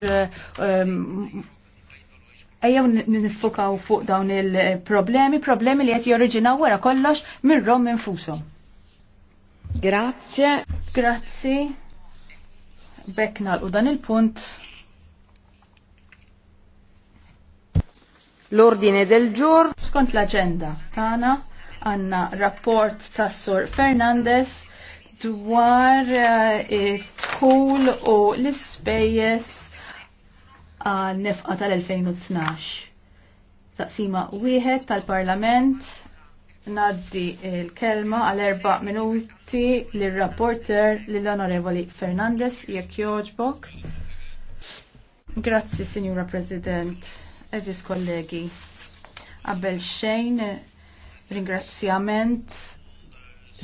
Eh, um, ejjew nifukaw fuq dawn il-problemi, problemi li qed joriġinaw wara kollox minn rom infushom. Grazie. Grazzi. Bekk nagħlqu dan il-punt. L-ordine del ġur. Skont l-aġenda tagħna għandna rapport tas Sur Fernandez dwar eh, it-tħul u l-ispejjeż nefqa tal-2012. Taqsima wieħed tal-Parlament naddi il-kelma għal erba minuti lir rapporter lill onorevoli Fernandez jekk joġbok. Grazzi, Signora President, eżis kollegi. Qabel xejn, ringrazzjament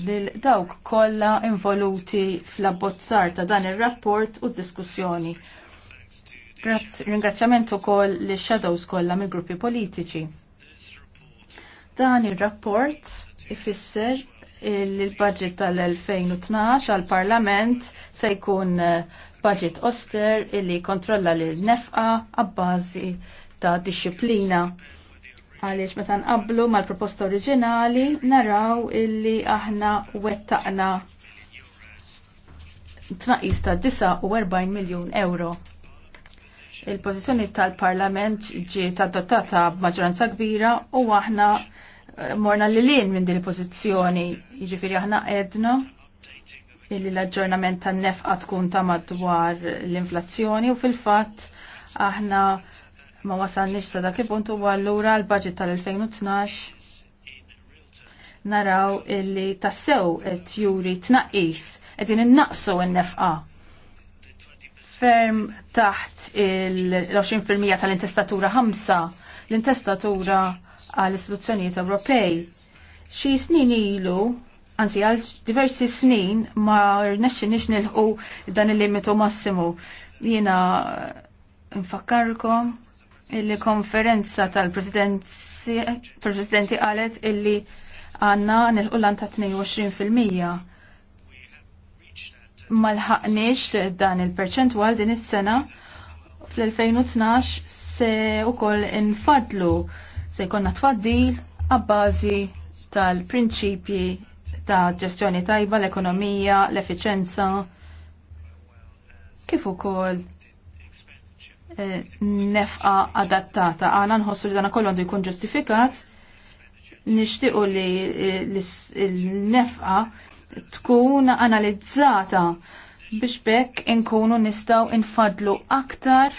lil dawk kollha involuti fl-abbozzar ta' dan ir-rapport u d-diskussjoni. Ringrazzjament ukoll li shadows kollha mill-gruppi politiċi. Dan ir-rapport ifisser il-budget tal-2012 għal-Parlament se jkun eh, budget oster illi kontrolla l-nefqa għabbażi ta' disciplina. Għaliex meta nqablu mal-proposta oriġinali naraw illi aħna wettaqna tnaqis ta' 49 miljun euro. Il-pożizzjoni tal-Parlament ġiet adottata b'maġġoranza kbira u aħna eh, morna li lin minn din il-pożizzjoni. Jiġifieri aħna qedna illi l-aġġornament tan-nefqa tkun ta' madwar l-inflazzjoni u fil-fatt aħna ma wasalniex sa dak il-punt u allura l-budget tal-2012 naraw illi tassew qed juri tnaqqis qegħdin innaqsu n-nefqa ferm taħt il-20% tal-intestatura 5 l-intestatura għall istituzzjonijiet Ewropej. Xi snin ilu, anzi għal diversi snin ma rnexxi nix nilħu dan il-limitu massimu. Jiena nfakkarkom il-konferenza tal-presidenti qalet illi għanna nilħu l ta' 22% malħaqniex dan il-perċentwal din is-sena fl-2012 se wkoll infadlu se jkollna tfaddil għabbażi tal-prinċipji ta' ġestjoni tajba l-ekonomija, l-efficienza, kif ukoll eh, nefqa adattata. Għana nħossu li dana kollu għandu jkun ġustifikat, nixtiequ li l-nefqa tkun analizzata biex bekk inkunu nistaw infadlu aktar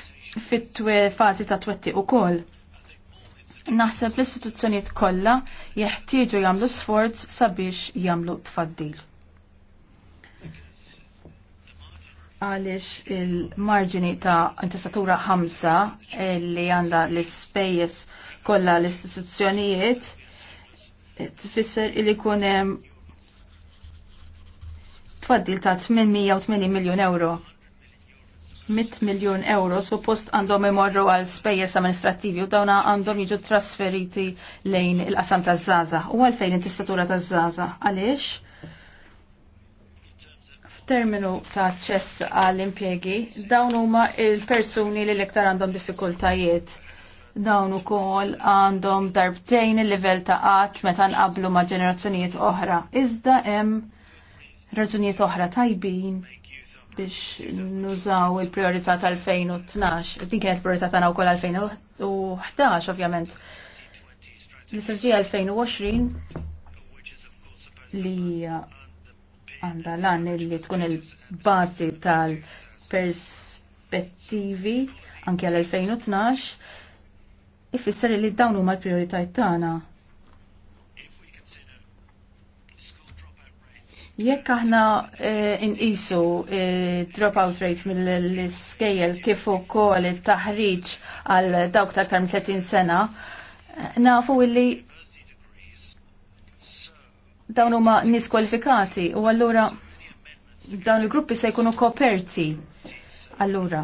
fit fazi ta' twetti u koll. Naħseb l-istituzzjoniet kollha jeħtieġu jagħmlu sforz sabiex jagħmlu tfaddil. Għaliex il-marġini ta' intestatura ħamsa li għandha l-ispejjeż kollha l-istituzzjonijiet tfisser li kunem tfaddil ta' 880 miljon euro. 100 miljon euro suppost għandhom imorru għal spejjeż amministrattivi u dawna għandhom jiġu trasferiti lejn il-qasam ta' Zaza. U għalfejn intistatura ta' Zaza? Għaliex? F'terminu ta' ċess għall impjegi dawn huma il-persuni li l-iktar għandhom diffikultajiet. Dawn ukoll għandhom darbtejn il-livell ta' qatt meta nqablu ma' ġenerazzjonijiet oħra. Iżda hemm raġunijiet oħra tajbin biex nużaw il-priorità tal-2012. Din kienet priorità tagħna wkoll 2011 ovvjament. L-istraġija 2020 li għandha lan li tkun il-bażi tal-perspettivi anke għal 2012 ifisser li dawn huma l-prioritajiet tagħna Jekk aħna eh, inqisu eh, dropout rates mill-iskejjel kif ukoll it-taħriġ għal dawk ta' aktar minn 30 sena, nafu illi dawn huma nies kwalifikati u allura dawn il-gruppi se jkunu koperti. Allura,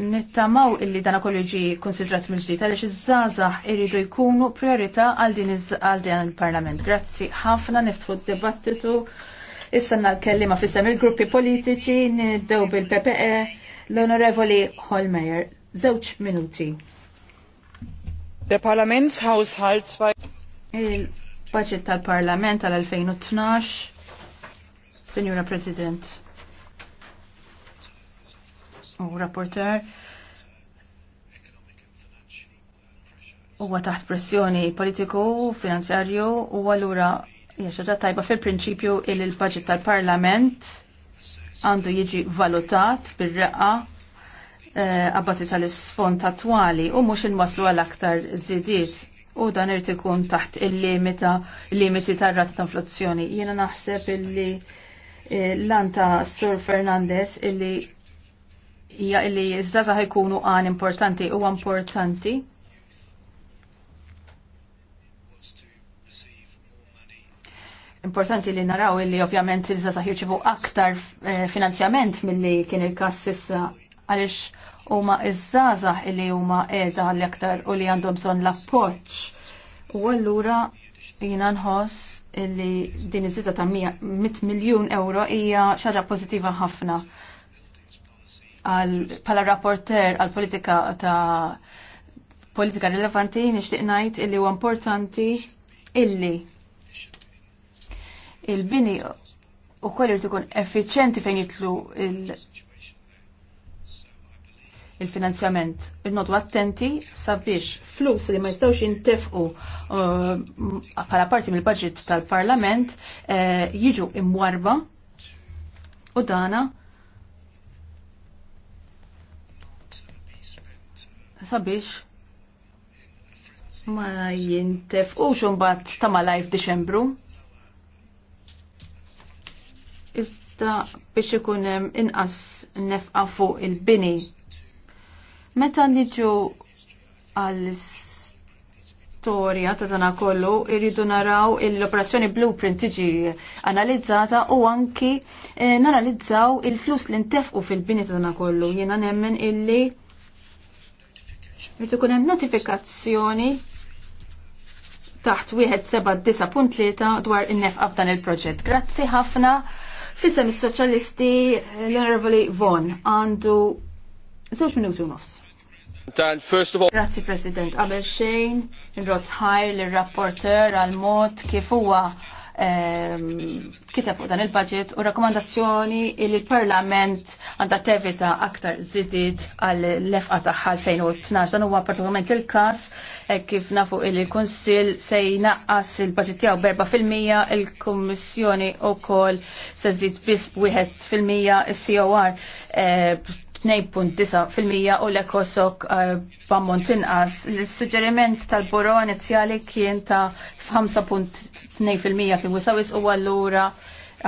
nittamaw illi dana kollu ġi konsidrat mill-ġdid għaliex iż żazax iridu jkunu priorità għal din għal il-Parlament. Grazzi ħafna niftħu d-dibattitu. Issa kellima fissam il-gruppi politiċi niddew bil-PPE l-Onorevoli Holmeyer. Żewġ minuti. Der Parlamentshaushalt household Il-budget tal-Parlament tal-2012 Signora President, u rapporter huwa taħt pressjoni politiku, finanzjarju u allura hija tajba fil-prinċipju il l budget tal-Parlament għandu jiġi valutat bir-reqqa eh, għabbażi tal-isfond attwali u mhux inwaslu għal aktar zidiet, u dan irid ikun taħt il-limita limiti tar-rata ta' inflazzjoni. Jiena naħseb illi eh, l-anta Sur Fernandez illi hija li żgħażagħ ikunu għan importanti huwa importanti importanti li naraw li ovvjament iż żazax jirċivu aktar eh, finanzjament mill-li kien il-kas sissa għalix huma iż illi li huma qiegħda għall aktar u li għandhom bżonn l-appoġġ. U allura jiena nħoss li din iż żita ta' 100 miljun euro hija xaġa pożittiva ħafna pala rapporter għal politika ta' politika rilevanti nixtieq ngħid illi huwa importanti illi il-bini u koll irid ikun effiċjenti fejn jitlu il-finanzjament. Il Il-nodu attenti sabiex flus li ma jistgħux jintefqu bħala uh, parti mill-budget tal-Parlament uh, jiġu imwarba u dana sabiex ma jintef u bat ta' malaj f'Diċembru. Iżda biex ikun hemm inqas nefqa fuq il-bini. Meta niġu għall-istorja ta' dana kollu, irridu naraw l-operazzjoni blueprint tiġi analizzata u anki eh, nanalizzaw il-flus li ntefqu fil-bini ta' dana kollu. Jiena nemmen illi Rritu kunem notifikazzjoni taħt 179.3 dwar innef f'dan il-proġett. Grazzi ħafna. Fissem is-soċjalisti l-Onorevoli Von għandu żewġ minuti u nofs. Grazzi President, qabel xejn, nrot ħajr l-rapporter għal-mod kif huwa Ehm, kiteb fuq dan il-budget u rakkomandazzjoni li l-Parlament għandha tevita aktar zidit għall-lefqa taħħa 2012. Dan huwa partikolarment il-każ e kif nafu il kunsill se jnaqqas il-budget tiegħu berba fil-mija, il-Kummissjoni wkoll se żid biss b'wieħed fil-mija, il-COR e, 2.9% u l-ekosok eh, b'ammont inqas. L-suġġeriment tal-buro inizjali kien ta' 5.2% kien wisawis u allura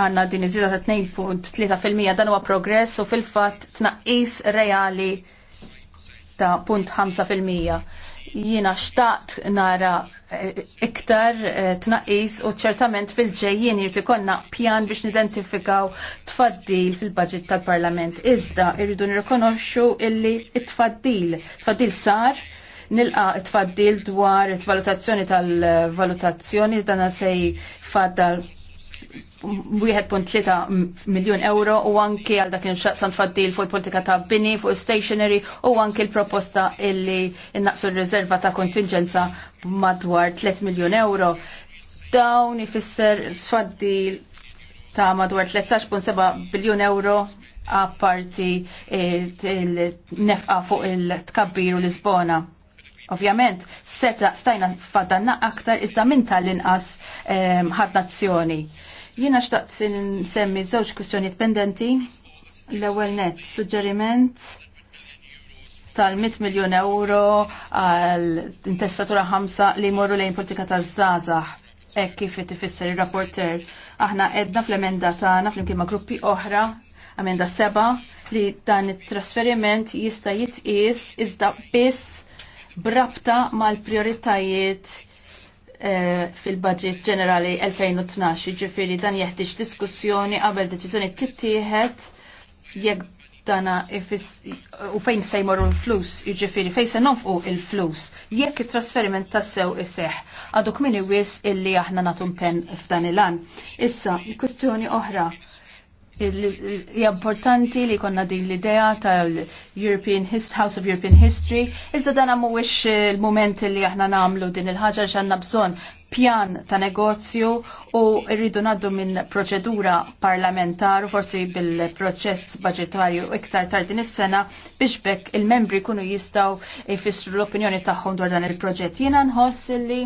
għanna din iżida ta' 2.3% dan huwa progress u fil-fatt tnaqqis reali ta' 0.5%. Jiena xtaqt nara eh, iktar eh, tnaqis u ċertament fil-ġejjien jirti konna pjan biex nidentifikaw tfaddil fil-budget tal-parlament. Iżda irridu nirkonoxxu illi tfaddil. Tfaddil sar, nilqa tfaddil dwar it-valutazzjoni tal-valutazzjoni dan sej faddal 1.3 miljon euro u anki għal dakin xaqsan faddil fuq il-politika ta' bini, fuq stationery u anki l-proposta illi innaqsu r reserva ta' kontingenza madwar 3 miljon euro. Dawn ifisser faddil ta' madwar 13.7 biljon euro għapparti il-nefqa fuq il-tkabbir u l-Lisbona. Ovvjament, seta stajna fadanna aktar iżda minn tal-inqas ehm, ħad nazzjoni. Jiena xtaqt semmi żewġ kwistjonijiet pendenti. L-ewwel net suġġeriment tal-100 miljon euro għal intestatura ħamsa li jmorru lejn politika taż-żgħażagħ hekk kif tifisser ir-rapporter. Aħna edna fl-emenda tagħna flimkien ma' gruppi oħra, emenda seba, li dan it-trasferiment jista' jitqies iżda biss brabta mal-prioritajiet Eh, fil-budget ġenerali 2012, ġifiri dan jeħtieġ diskussjoni qabel deċiżjoni tittieħed jekk dana u fejn se jmorru l-flus, jiġifieri fejn se nonfqu l-flus, jekk it-trasferiment tassew iseħ. Għaduk min wis illi aħna nagħtu pen f'dan il-an. Issa, kwestjoni oħra importanti li konna din l-idea tal-European House of European History, iżda dan mhuwiex il-moment eh, li aħna nagħmlu din il-ħaġa x'għandna bżonn pjan ta' negozju u rridu naddu minn proċedura parlamentar, forsi bil-proċess budgetarju iktar tard din is-sena biex bekk il-membri kunu jistaw jfissru l-opinjoni tagħhom dwar dan il-proġett. Jiena nħoss li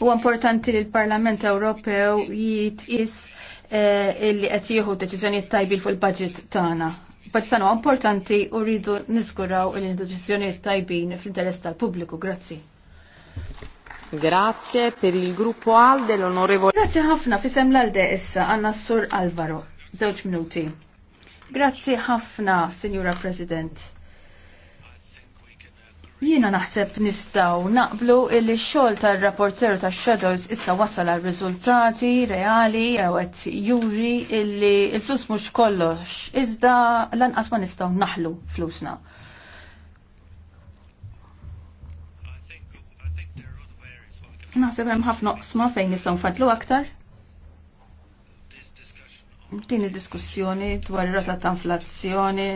u importanti li l-Parlament Ewropew jitqis Eh, illi qed jieħu deċiżjonijiet tajbin fuq il-budget tagħna. Il-budget tagħna importanti u rridu niskuraw il deċiżjonijiet tajbin fl-interess tal-pubbliku. Grazzi. Grazie per il gruppo Alde l'onorevole. Grazie ħafna fisem l-Alde issa għanna s-sur Alvaro. Zewġ minuti. Grazie ħafna, Signora President. Jiena naħseb nistaw naqblu illi xogħol tar-rapporter tax-Shadows issa wasal għal riżultati reali jew qed juri illi l-flus mhux kollox iżda lanqas ma nistgħu naħlu flusna. Naħseb hemm ħafna qsma fejn nistgħu nfadlu aktar. Din id-diskussjoni dwar ir-rata ta' inflazzjoni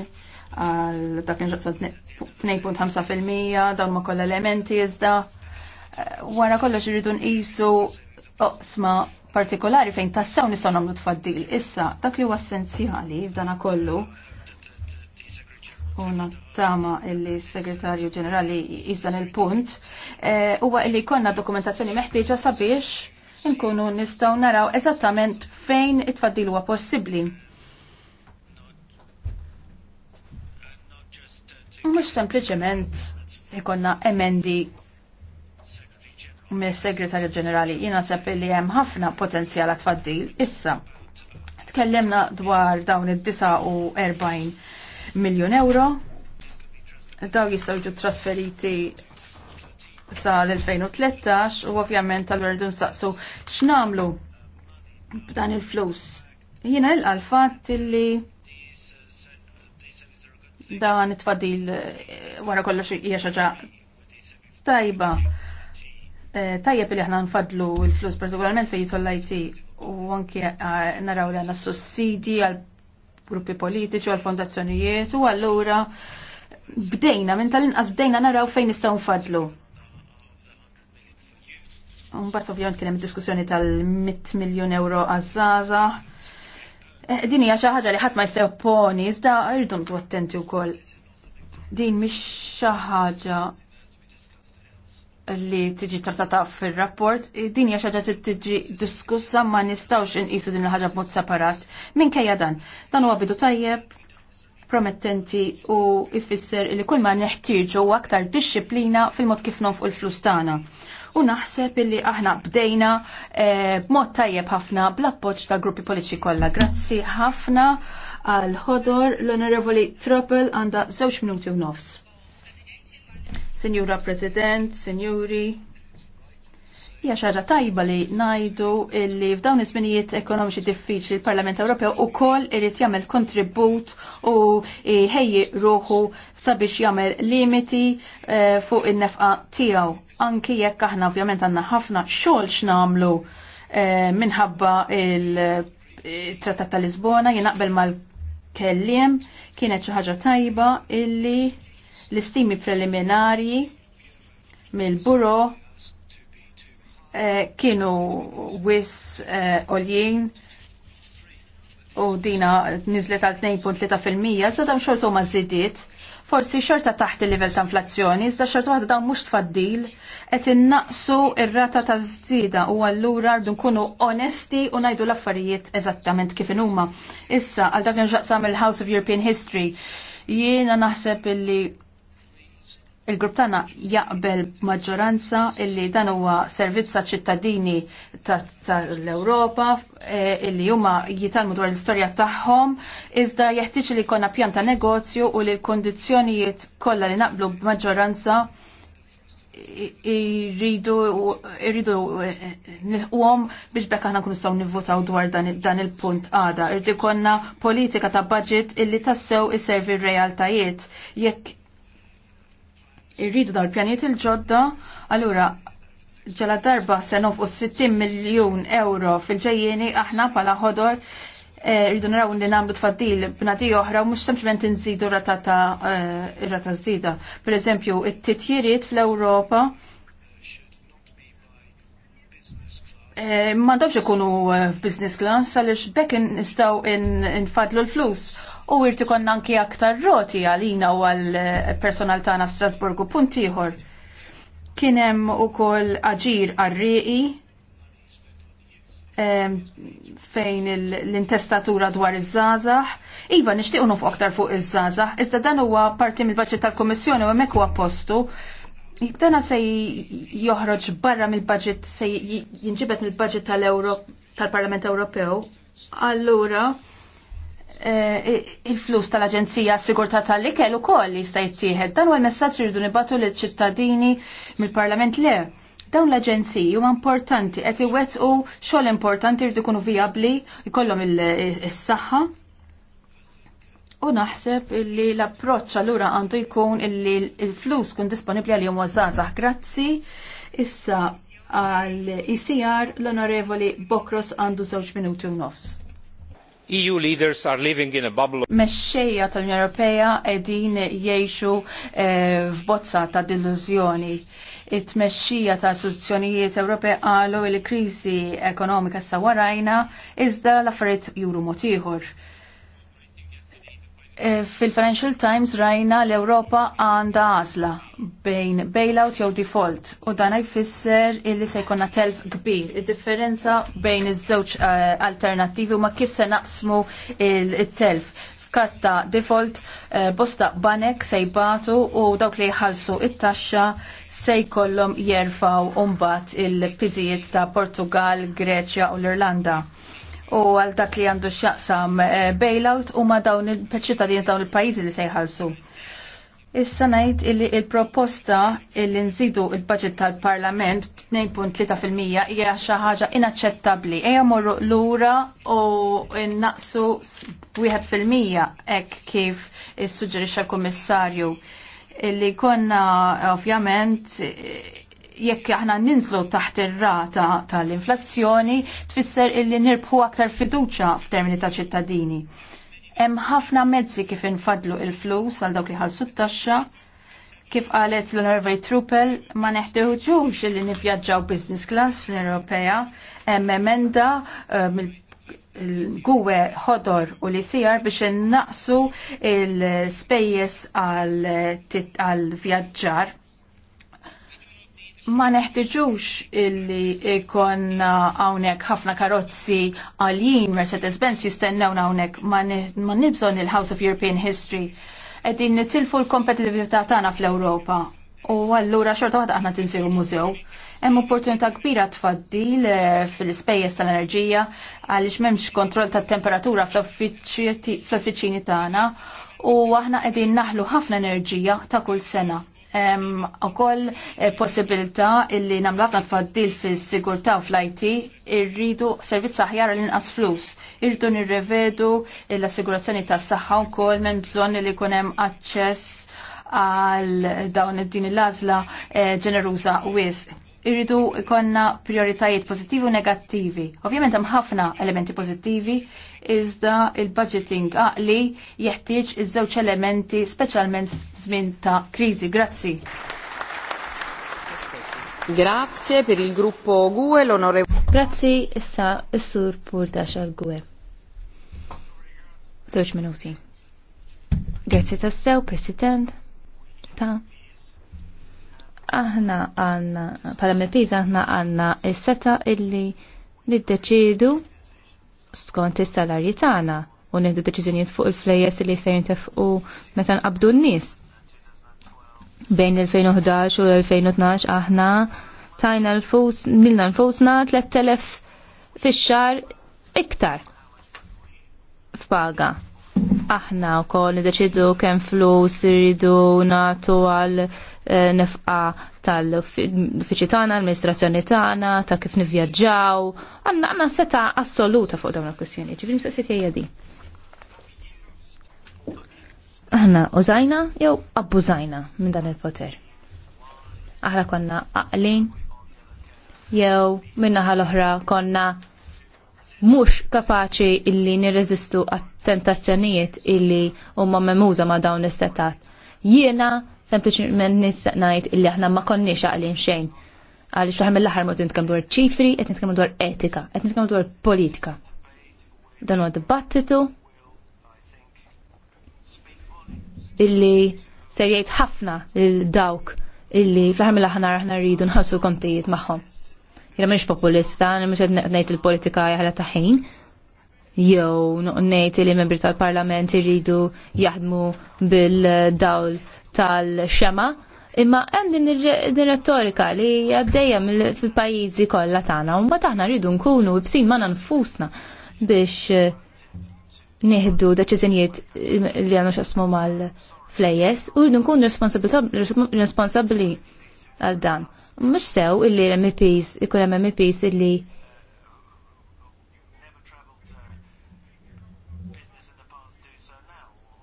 għal dak li 2.5% dawn ma kollha elementi iżda eh, wara kollox irridu nqisu oqsma partikolari fejn tassew nistgħu nagħmlu tfaddil. Issa dak li huwa essenzjali f'dana kollu u nattama illi segretarju ġenerali jizdan il-punt eh, huwa illi konna dokumentazzjoni meħtieġa sabiex nkunu nistgħu naraw eżattament fejn it-tfaddil huwa possibbli. Mux sempliciment ikonna emendi mis segretarju ġenerali jina sepp li hemm ħafna potenzjal tfaddil issa. Tkellimna dwar dawn id-49 miljon euro. Daw jistgħu ġu trasferiti sa l-2013 u ovvjament tal-verdu nsaqsu x'namlu b'dan il-flus. Jina il għalfat li dan it-tfadil eh, wara kollox hija tajba. Eh, tajjeb li aħna nfadlu l-flus partikolarment fejn jidħol l-IT u anke eh, naraw li għandna sussidi għal gruppi politiċi u għal fondazzjonijiet u allura bdejna, minn tal-inqas bdejna naraw fejn nistgħu nfadlu. Mbagħad ovvjament kien hemm diskussjoni tal-100 miljun euro għaż-żgħażagħ Eh, din hija xi ħaġa li ħadd ma jsepponi, iżda rridhom tu attenti wkoll. Din mhix xi ħaġa li tiġi trattata fir-rapport, eh, din hija xi ħaġa tiġi diskussa ma nistgħux inqisu din il-ħaġa b'mod separat. Minkejja dan, dan huwa bidu tajjeb, promettenti u ifisser li kull ma neħtieġu aktar disċiplina fil-mod kif nonfqu l-flus tagħna u naħseb illi aħna bdejna eh, b'mod tajjeb ħafna bl-appoġġ tal gruppi politiċi kollha. Grazzi ħafna għal ħodor l-Onorevoli Tropel għandha żewġ minuti u nofs. Sinjura President, Sinjuri, hija xaġa tajba li najdu illi f'dawn iż-żminijiet ekonomiċi diffiċli l parlament Ewropew ukoll irid jagħmel kontribut u ħejji ruħu sabiex jagħmel limiti eh, fuq in-nefqa tiegħu anki jekk aħna ovvjament għandna ħafna xogħol x'namlu eh, minħabba il-Trattat eh, ta' Lisbona jien naqbel mal-kelliem kienet xi ħaġa tajba illi l-istimi preliminari mill-buro eh, kienu wis eh, u dina nizlet għal 2.3% zadam xogħol ma zidiet forsi xorta taħt il-livell ta' inflazzjoni, iżda xorta waħda dawn mhux tfaddil, qed innaqsu ir-rata ta' żdida u allura rdu nkunu onesti u ngħidu l-affarijiet eżattament kif huma. Issa għal dak li nġaqsam il-House of European History, jiena naħseb illi il-grupp tagħna jaqbel maġġoranza illi dan huwa servizz ċittadini tal-Ewropa eh, illi huma jitalmu dwar l-istorja tagħhom iżda jeħtieġ li jkollna pjan ta' negozju u li l-kondizzjonijiet kollha li naqblu b'maġġoranza jridu jridu eh, nilħuhom biex bekk aħna nkunu nistgħu nivvotaw dwar dan il-punt għada. Irdi konna politika ta' budget illi tassew isservi r-realtajiet. Jekk irridu dal pjaniet il-ġodda, allura ġala darba se nofqu 60 miljun euro fil-ġejjeni aħna pala ħodor eh, rridu naraw li namlu tfaddil b'nadi oħra u mhux sempliment inżidu rata ta' eh, rata żida. Pereżempju, it-titjiriet fl-Ewropa eh, ma dawx ikunu f'business class għaliex bekk nistgħu nfadlu l-flus u irti konna anki aktar roti għalina u għal eh, personal tana Strasburgu puntiħor. Kienem u kol aġir għarriqi fejn l-intestatura dwar iż-żazax. Iva, nishtiq unuf aktar fuq iż-żazax, iżda dan huwa parti mill-budget tal-Kommissjoni u hemmhekk huwa postu. Dana se joħroġ barra mill-budget, se jinġibet mill-budget tal-Parlament Ewropew. Allura, Eh, il-flus tal-Aġenzija Sigurtà tal-Ikel ukoll li jista' jittieħed. Dan huwa l-messaġġ irridu nibatu liċ ċittadini mill-Parlament le. Dawn l-aġenziji huma importanti qed iwettqu xogħol importanti jridu jkunu vijabbli, jkollhom is-saħħa. U naħseb li l-approċċ allura għandu jkun illi l-flus kun disponibbli għalihom ważgħażagħ. Grazzi. Issa għal ICR e l-Onorevoli Bokros għandu żewġ minuti u nofs. EU leaders are living in a bubble. Mexxejja tal-Unjoni Ewropea qegħdin jgħixu eh, f'bozza ta' dilużjoni. It-tmexxija ta' istituzzjonijiet Ewropej qalu li kriżi ekonomika sa warajna iżda l-affarijiet juru mod ieħor. Eh, Fil-Financial Times rajna l-Europa għanda għazla bejn bailout jew default u dan jfisser illi se jkollna telf kbir. Id-differenza bejn iż-żewġ eh, alternattivi huma kif se naqsmu il-telf. F'każ ta' default eh, bosta banek se jbatu u dawk li jħallsu it-taxxa se jkollhom jerfaw mbagħad il-piżijiet ta' Portugal, Greċja u l-Irlanda u għal dak li għandu xaqsam eh, bailout u ma dawn il-ċittadini dawn il-pajizi li sejħalsu. Issa ngħid illi il-proposta illi nżidu il-budget tal-Parlament 2.3% hija xi ħaġa inaċċettabbli. Ejja morru lura u innaqsu wieħed fil-mija hekk kif issuġġerixxa l-Kummissarju illi konna ovvjament jekk aħna ninżlu taħt ir-rata tal-inflazzjoni tfisser illi nirbħu aktar fiduċa f'termini ta' ċittadini. Hemm ħafna mezzi kif infadlu il-flus għal dawk li ħalsu t-taxxa, kif qalet l-Harvey Truppel ma neħtieġux illi nivvjaġġaw business class fl-Ewropea, hemm emenda eh, mill gwe ħodor u li sijar biex naqsu il-spejjes għal-vjaġġar ma neħtiġux illi ikon għawnek ħafna karozzi għaljin Mercedes-Benz jistennew għawnek ma nibżon il-House of European History. Eddin nitilfu l-kompetitivita tagħna fl-Ewropa u allura xorta waħda aħna tinsiru mużew. Hemm opportunità kbira tfaddil eh, fil-ispejjeż tal-enerġija għaliex m'hemmx kontroll tat-temperatura fl-offiċini tagħna u aħna qegħdin naħlu ħafna enerġija ta' kull sena ukoll eh, possibilità illi nagħmlu ħafna tfaddil fis-sigurtà u fl-IT irridu servizz aħjar l inqas flus. Irridu nirrevedu l-assigurazzjoni tas-saħħa wkoll m'hemm bżonn li jkun hemm aċċess għal dawn id-din l-għażla eh, ġeneruża wisq irridu ikonna prioritajiet pozittivi u negattivi. Ovvjament hemm ħafna elementi pozittivi, iżda il-budgeting għaqli jeħtieġ iż-żewġ elementi speċjalment f'żmien ta' kriżi. Grazzi. Grazie per il gruppo GUE l'onorevole. Grazzi issa s-sur Purtax għal GUE. Żewġ minuti. Grazie tassew, President. Ta' aħna għanna, pala MPs aħna għanna s-seta illi niddeċidu skont is-salarji tagħna u nieħdu deċiżjonijiet fuq il-flejjes li se jintefqu meta nqabdu n-nies. Bejn il-2011 u l-2012 aħna tajna l-fus, nilna l-fusna 3000 fix-xar iktar f'paga. Aħna wkoll niddeċidu kemm flus irridu nagħtu għal nefqa tal-uffiċi tagħna, l-amministrazzjoni tagħna, ta' kif nivvjaġġaw. Għandna għandna seta' assoluta fuq dawn il-kwistjoni. Ġifieri se hija di. Aħna użajna jew abbużajna minn dan il-poter. Aħna konna aqlin jew minnaħa l-oħra konna mhux kapaċi illi nirreżistu għat-tentazzjonijiet illi huma memuża ma' dawn l-istetat. Jiena sempliċement nistaq ngħid illi aħna ma konniex għaqlin xejn. Għaliex fl l aħħar mod nitkam dwar ċifri, qed nitkam dwar etika, qed nitkam dwar politika. Dan huwa dibattitu illi ser jgħid ħafna lil dawk illi fl ħar mill ħar aħna rridu nħassu kontijiet magħhom. Jiena mhix populista, mhux qed ngħid il-politika jaħla ta' ħin, jew nejt li membri tal-parlament jridu jaħdmu bil-dawl tal-xema imma hemm din ir-retorika li għaddejja fil-pajjiżi kollha tagħna u mbagħad aħna rridu nkunu bsin ma nfusna biex eh, nieħdu deċiżjonijiet eh, li għandu x'asmu mal-flejjes u rridu nkunu responsabbli għal dan. Mhux sew illi l-MPs ikun hemm MPs illi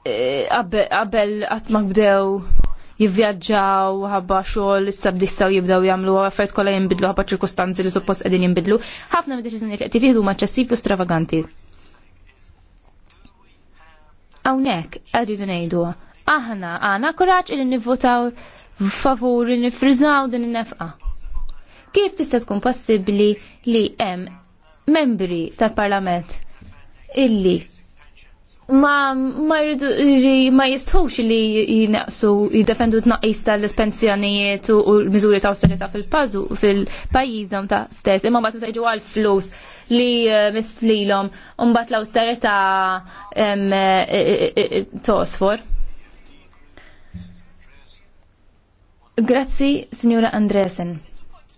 qabel qatt ma bdew jivvjaġġaw ħabba xogħol issa bdissaw jibdew jagħmlu affarijiet kollha jinbidlu ħabba ċirkustanzi li suppost qegħdin jinbidlu. Ħafna mid-deċiżjonijiet li qed jieħdu huma ċessivi u stravaganti. Hawnhekk qegħdu ngħidu aħna għandna kuraġġ li nivvotaw favur li nifriżaw din in-nefqa. Kif tista' tkun possibbli li hemm membri tal-Parlament illi ma ma jridu ma jistħux li jinaqsu jiddefendu tnaqqis tal ispensjonijiet u l-miżuri ta' awsterità fil-pażu fil-pajjiżhom ta' stess imma mbagħad meta jiġu għal flus li eh, mislilhom u mbagħad l-austerità eh, eh, tosfor. Grazzi, Signora Andresen.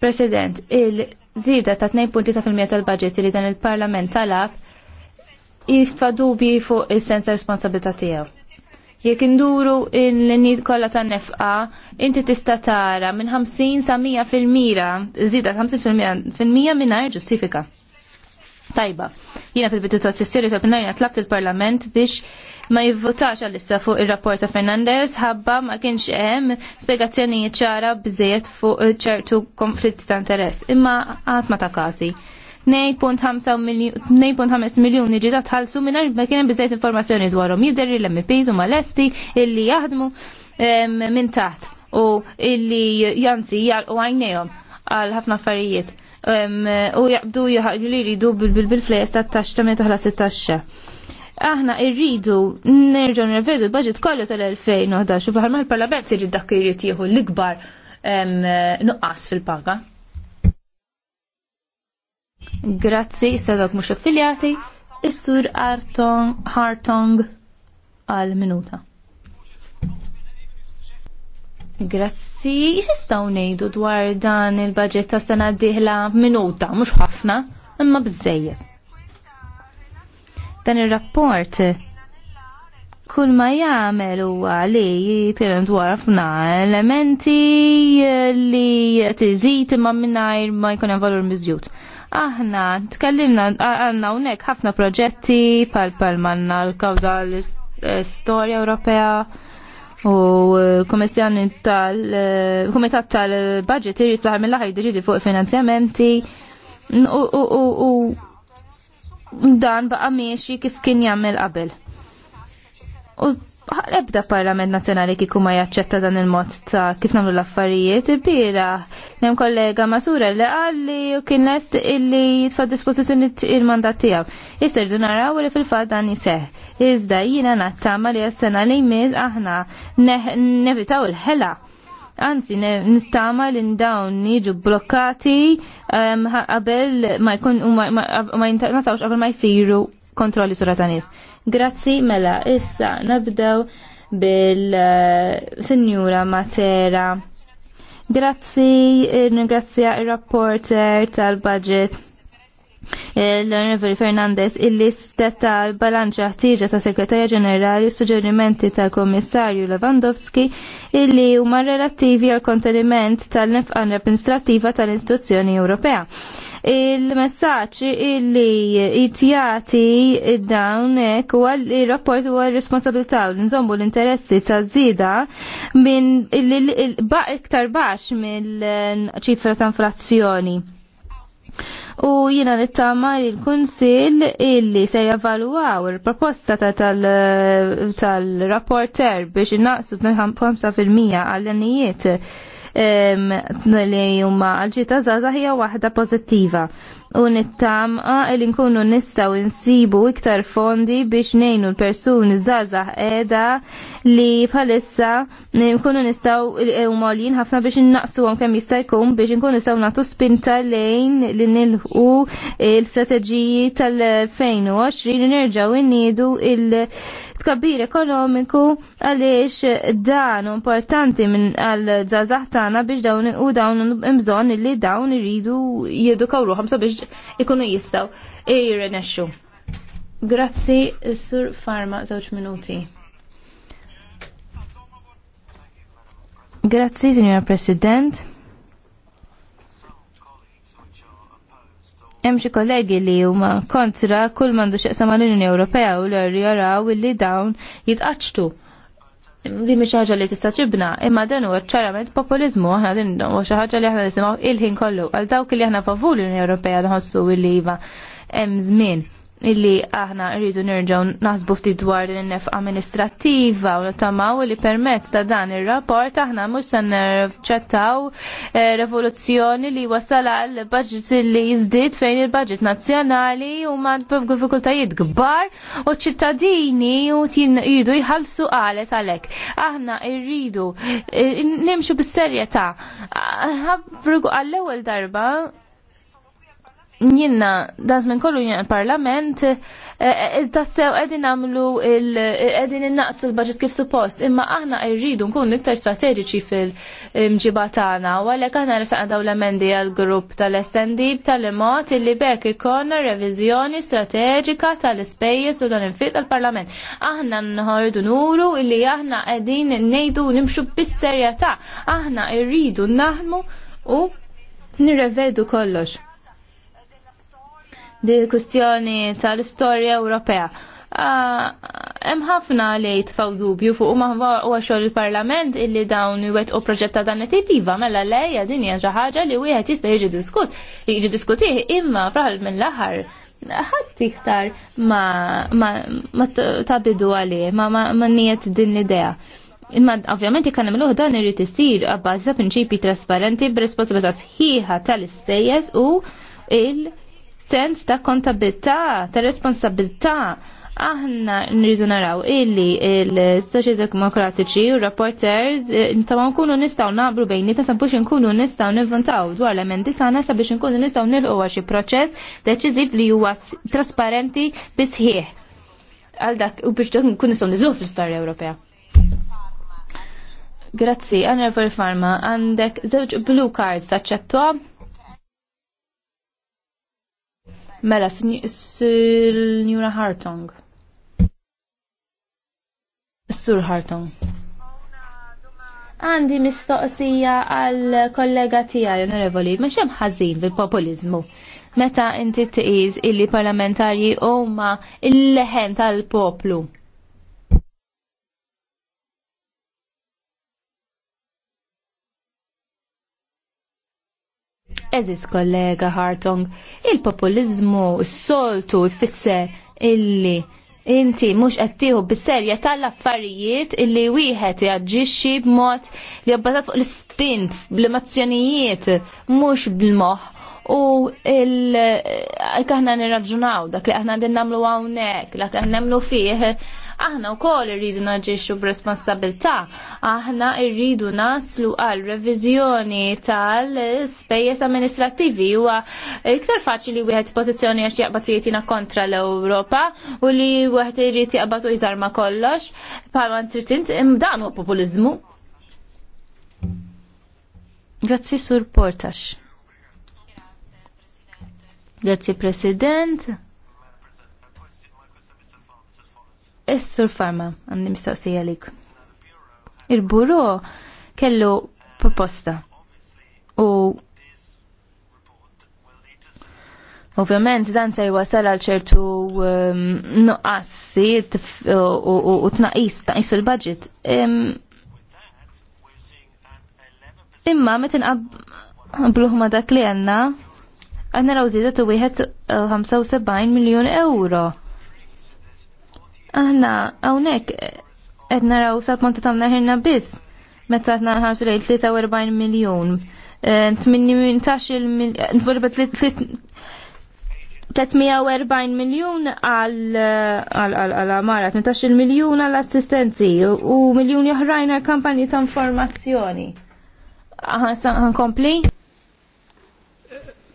President, il-żieda ta' fil-mija tal-budget li dan il-Parlament talab jitfa dubji fuq il-sens responsabilità tiegħu. Jekk induru l-nid kollha tan-nefqa, inti tista' tara minn 50 sa 100 fil-mira, żieda 50 fil-mija mingħajr ġustifika. Tajba, jiena fil-bidu ta' sessjoni ta' pinnajna tlabt il-Parlament biex ma jivvotax għal-issa fuq il-rapport ta' Fernandez ħabba ma kienx hemm spiegazzjoni ċara bżejjed fuq ċertu konflitti ta' interess, imma għatma ma ta' każi. 2.5 miljoni ġiet tħallsu mingħajr ma kien hemm biżejjed informazzjoni dwarhom. Jidher l-MPs huma malesti illi jaħdmu minn taħt u illi janzi jgħalqu għajnejhom għal ħafna affarijiet u jgħabdu jħalqu li jridu bil-flejes tat-taxxa meta taħlas it aħna irridu nerġgħu nirvedu l-budget kollu tal-2011 u bħalma l-Parlament irid dak irid jieħu l-ikbar nuqqas fil-paga. Grazzi, sadok mux affiljati, Is-sur Hartong għal minuta. Grazzi, xistaw nejdu dwar dan il-budget ta' sena diħla minuta, mux ħafna, imma bżejjed. Dan il-rapport kull ma jagħmel huwa li jitkellem dwar ħafna elementi li tiżid imma mingħajr ma jkun hemm valur miżjud. Aħna tkellimna għandna hawnhekk ħafna proġetti pal pal manna l kawza l-istorja Ewropea u e, komissjoni tal e, komitat tal-budget irid fl-aħħar mill fuq il-finanzjamenti u dan baqa' miexi kif kien jagħmel qabel. U ebda Parlament Nazzjonali kieku ma jaċċetta dan il-mod ta' kif nagħmlu l-affarijiet ibira. nem kollega Masura li għalli u kien lest illi jitfa' dispożizzjoni il-mandat tiegħu. Jisirdu naraw li fil-fatt dan jiseħ. Iżda jiena nattama li s li jmiss aħna nevitaw il-ħela Anzi, nistama li dawn jiġu blokkati qabel ma jkun ma jintaqnatawx qabel ma jsiru kontroli suratanis. Grazzi mela issa nabdew bil-Sinjura Matera. Grazzi, ringrazzja il-rapporter tal-budget l-Onorevoli Fernandez illi stetta balanċa ħtieġa ta' Segretarja Ġenerali u suġġerimenti ta' Kommissarju Lewandowski illi huma relattivi għal konteniment tal nefqan amministrativa tal-Istituzzjoni Ewropea il-messaċ illi jitjati id-dawn u għal rapport u għal-responsabilità u l-nżombu l-interessi ta' zida minn iktar bax mill-ċifra ta' inflazzjoni. U jina nittama il-Kunsil illi se javaluaw il-proposta tal-rapporter biex innaqsu b'5% għall lenijiet li huma għalġita żgħażagħ hija waħda pożittiva u nittama li nkunu nistaw insibu iktar fondi biex nejnu l-persuni zaza edha li falissa nkunu nistaw u ħafna biex naqsu għom kem jistajkum biex nkunu nistaw natu spinta lejn li nilħu l-strategiji tal-2020 nerġaw innidu il- tkabbir ekonomiku għaliex dan importanti minn għal zazax tagħna biex dawn u dawn imżon li dawn iridu jedukaw ruħom sabiex ikunu jistaw jirrenexxu. Grazzi, Sur Farma, żewġ minuti. Grazzi, Signora President. hemm xi kollegi li huma kontra kull mandu x'aqsam mal-Unjoni Ewropea u l jaraw li dawn jitqaċtu di mhix ħaġa li tista' ġibna, imma dan huwa ċarament populiżmu aħna din u xi ħaġa li aħna nisimgħu il-ħin kollu għal dawk li aħna favur l-Unjoni Ewropea nħossu il-liva hemm żmien illi aħna rridu nirġaw naħsbu ftit dwar l-nef amministrattiva u tamaw li permezz ta' dan ir-rapport aħna mhux se nerċettaw eh, revoluzzjoni li wasal għal budget li jiżdied fejn il-budget nazzjonali u ma' kbar u ċittadini u jridu jħallsu qalet għalhekk. Aħna rridu eh, nimxu bis-serjetà. Ħabrugu għall-ewwel darba Jiena dażmin kollu jina l-parlament, eh, eh, tassew għedin għamlu edin innaqsu l-budget kif suppost, imma aħna jridu nkun iktar strateġiċi fil-mġibatana, u għalek aħna risaqna daw l-emendi għal-grupp tal-SND tal-imot illi bekk ikonna revizjoni strateġika tal-spejjes u tal infit tal-parlament. Aħna nħordu nuru illi aħna edin nejdu nimxu bis-serjetà, aħna irridu naħmu u nirrevedu kollox di kustjoni tal-istorja Ewropea. Ah, hemm ħafna li jitfaw dubju fuq huma huwa xogħol il-Parlament illi dawn iwettqu u proġett ta' dan it-tip iva mela lejja din hija xi ħaġa li wieħed jista' jiġi diskut, jiġi diskutih imma fraħal mill-aħħar ħadd iktar ma tabidu għalih, ma niet din l-idea. Imma ovvjament ikkan imluħ dan irid isir għabbażi ta' prinċipji trasparenti b'responsabilità sħiħa tal-ispejjeż u il- sens ta' kontabilità, ta' responsabilità aħna nridu naraw illi il-Soċjeti Demokratiċi u rapporters intama eh, nkunu nistgħu bejni ta' sabbux nkunu nistgħu nivvantaw dwar l-emendi tagħna sabiex nkunu nistgħu nilqu xi proċess deċiżiv li huwa trasparenti bisħieħ għal dak u biex nkunu nistgħu niżgħu fl-istorja Ewropea. Grazzi, Anrever Farma, għandek żewġ blue cards taċċettuha? Mela, s-njura Hartong. Sur Hartong. Għandi mistoqsija għal kollega tijaj, onorevoli, ma xem ħazin bil-populizmu. Meta inti t-tiqiz illi parlamentari u ma il-leħen tal-poplu. eżis kollega Hartong, il-populizmu, s-soltu, jfisser illi inti mux għattiju b serja tal-affarijiet illi wieħed jaġġixxi b'mod li jabbażat fuq l-istint, bl mux mhux l moħħ U il-kaħna nirraġunaw dak li aħna din namlu hawnhekk, dak għahna namlu fih aħna wkoll irridu naġixxu b'responsabilità. Aħna rridu naslu għal reviżjoni tal-spejjeż amministrativi. huwa iktar faċli wieħed pozizjoni għax jaqbad jitina kontra l-Ewropa u li wieħed irid jaqbad u jżarma kollox bħalma trid dan huwa populiżmu. Grazzi sur Portax. Grazie President. Is-sur farma għandi mistaqsija lik. Il-buro kellu proposta u Ovvjament dan se jwasal għal ċertu um, nuqqassi u tnaqis, tnaqis il-budget. Imma metin qabluħ ma dak li għanna, għanna raw zidat u 75 uh, miljon euro aħna hawnhekk qed naraw sal-ponta tagħna ħirna biss meta qed naħarsu lejn 43 miljun. 340 e, miljon għal amara, 18 miljon għal assistenzi u miljon joħrajn għal kampanji ta' informazzjoni. Għan kompli?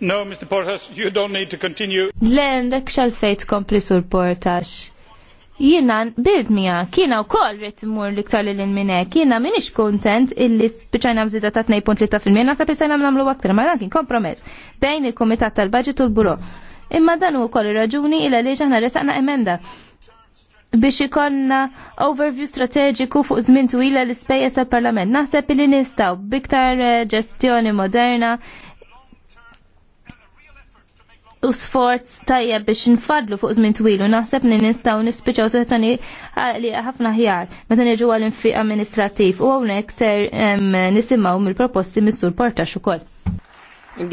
No, Mr. Portas, you don't need to continue. Len, dek xalfejt kompli sur Portas jiena bid mija, kina u kol rrit mur ktar li l-minnek, jiena minix kontent illi spiċajna mżida ta' 2.3% nasab jisajna namlu aktar, ma kien kompromess bejn il-Komitat tal-Budget u l-Buro. Imma dan u kol raġuni illa li ġaħna resaqna emenda biex ikonna overview strategiku fuq żmien twila l-ispejjeż tal-Parlament. Naħseb li nistgħu biktar eh, ġestjoni moderna u sforz tajjeb biex nfadlu fuq żmien twil u naħseb li nistgħu nispiċċaw sezzjoni li ħafna ħjar meta niġu għal infiq amministrattiv u hawnhekk ser nisimgħu mill-proposti mis-sur Portax ukoll.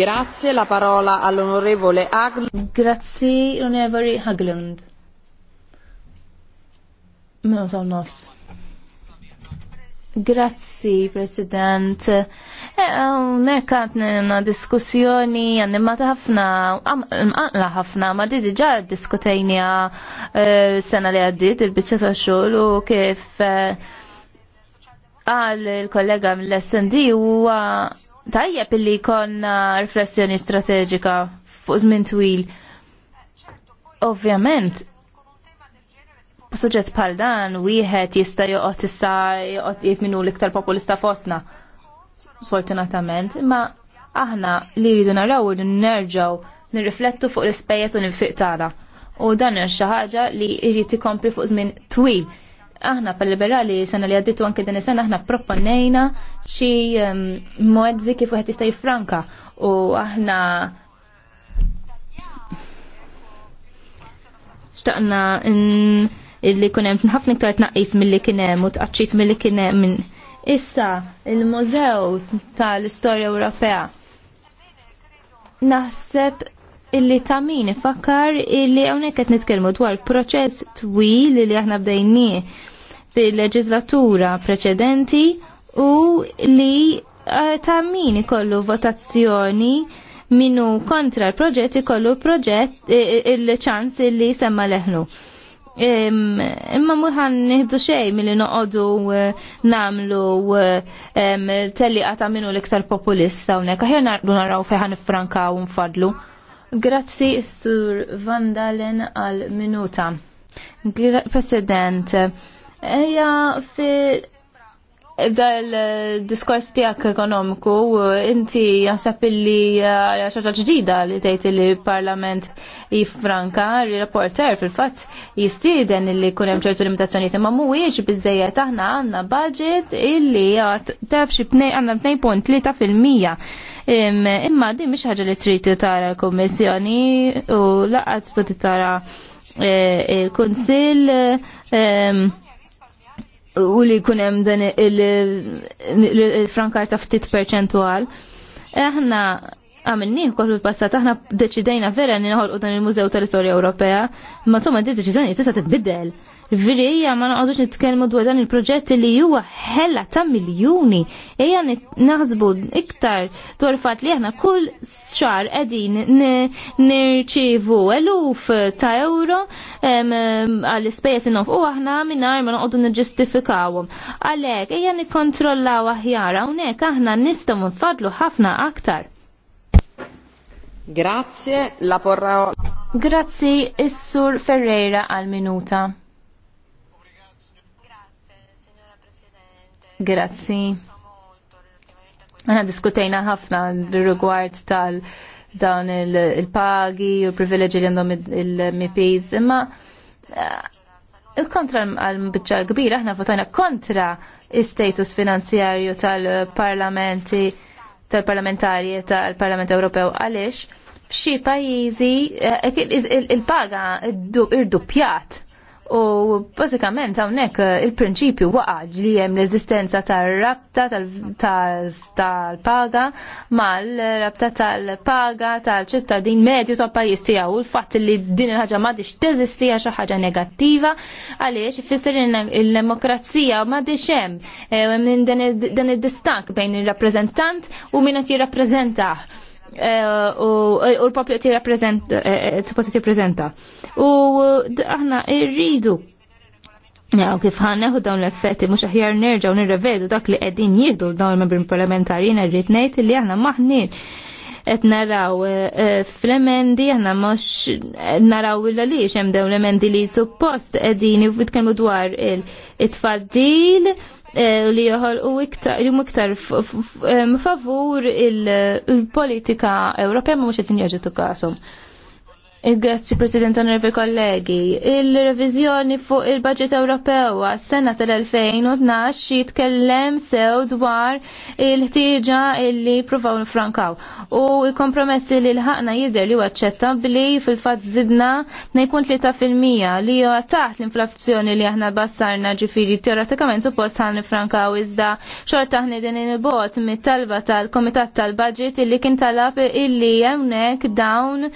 Grazie, la parola all'onorevole Haglund. Grazie, l'onorevole Haglund. Grazie mela, nofs. Grazzi, President. Eh, Nek għatna diskussjoni għannimata ħafna, għamqla ħafna, ma di diġa s eh, sena li għaddit il-bicċa ta' xol u kif eh, għal il-kollega mill-SND huwa tajjeb illi konna riflessjoni strateġika fuq żmien twil. Ovvjament, suġġett bħal dan wieħed jista' joqgħod issa joqgħod jitminu l-iktar populista fosna sfortunatament, imma aħna li rridu naraw u nerġaw nirriflettu fuq l-ispejjeż u nil tagħna. U dan xi ħaġa li jrid ikompli fuq żmien twil aħna pal liberali sena li għaddittu anke din is-sena aħna proponejna xi mwedzi ehm, kif wieħed jista' jiffranka. u aħna xtaqna illi kunem hemm ħafna iktar tnaqqis milli kien hemm u tqaċċit milli kien hemm Issa il-Mużew tal-Istorja Ewropea. Naħseb illi ta' min ifakkar illi hawnhekk qed nitkellmu dwar proċess twil li aħna bdejnieh fil-leġislatura preċedenti u li eh, ta' min ikollu votazzjoni minu kontra l-proġett ikollu proġett eh, il-ċans illi semma leħnu imma muħan nihdu xej mill-li noqodu eh, namlu eh, telli għata minnu l-iktar populista unek. Aħjar nardu naraw feħan franka u nfadlu. Grazzi sur Vandalen għal minuta. President, eja fil dal-diskors tijak ekonomiku, inti jasab illi xaġa ġdida li tejt li parlament jifranka, reporter fil-fat jistiden illi kunem ċertu limitazzjoniet, ma muwiex bizzejiet aħna għanna budget illi taf xi għanna 2.3 fil-mija. Imma di mish ħaġa li trid tara l-Kommissjoni u laqgħet tara eh, il-Kunsill eh, u li kunem dan il-frankar ta' ftit perċentwal. Aħna għamilniħ kollu l-passat, aħna deċidejna vera u dan il-Mużew tal-Istorja Ewropea, ma somma di deċiżjoni tista' tibdel. Verija ma naqgħodux nitkellmu dwar dan il-proġett li huwa ħella ta' miljuni. Ejja naħsbu iktar dwar fatt li aħna kull xar qegħdin nirċievu eluf ta' euro għall-ispejjeż innof u aħna mingħajr ma noqogħdu niġġustifikawhom. Għalhekk ejja nikkontrollaw aħjar hawnhekk aħna nistgħu nfadlu ħafna aktar. Grazie, la porra... Grazzi, Issur Ferreira al minuta. Grazzi. Għana diskutejna ħafna rigward tal dawn il-pagi u privileġi li għandhom il-MPs, imma eh, il-kontra għal-bicċa kbira, ħna votajna kontra il-status finanzjarju tal-parlamenti tal-parlamentari tal-Parlament Ewropew għalix f'xi pajjiżi eh, il-paga irdupjat. U bażikament hawnhekk eh, il-prinċipju waqa' li hemm l-eżistenza tar-rabta tal-paga mal-rabta tal-paga tal-ċittadin medju tal pajjiż tiegħu u l-fatt li din il-ħaġa m'għadix teżisti għal xi ħaġa negattiva għaliex ifisser il-demokrazija m'għadix hemm eh, minn dan id-distank bejn ir-rappreżentant u min qed jirrappreżentah Eh, eh, u l-poplu ti eh, suppost ti prezenta. U aħna irridu Naraw kif ħanneħu dawn l-effetti mhux aħjar nerġgħu nirrevedu dak li qegħdin jieħdu dawn il-membri parlamentari, rrid ngħid li aħna maħnin qed naraw fl-emendi aħna mhux naraw l-għaliex hemm dawn l-emendi li suppost qegħdin jitkellmu dwar it-tfaddil Eh, li joħolqu iktar iktar eh, favur il-politika Ewropea ma mhux qed jinjaġitu kasom. Grazzi President Onorevoli kollegi. Il-revizjoni fuq il-budget Ewropew għas-sena tal-2012 jitkellem sew dwar il-ħtieġa illi provaw nifrankaw. U il-kompromessi li l-ħakna jidher li waċċetta billi fil-fatt zidna 3% li huwa taħt l-inflazzjoni li aħna bassarna ġifiri teoretikament suppost ħan nifrankaw iżda xorta aħna din il-bot mit-talba tal-Komitat tal-Budget illi kien talab illi hemmhekk dawn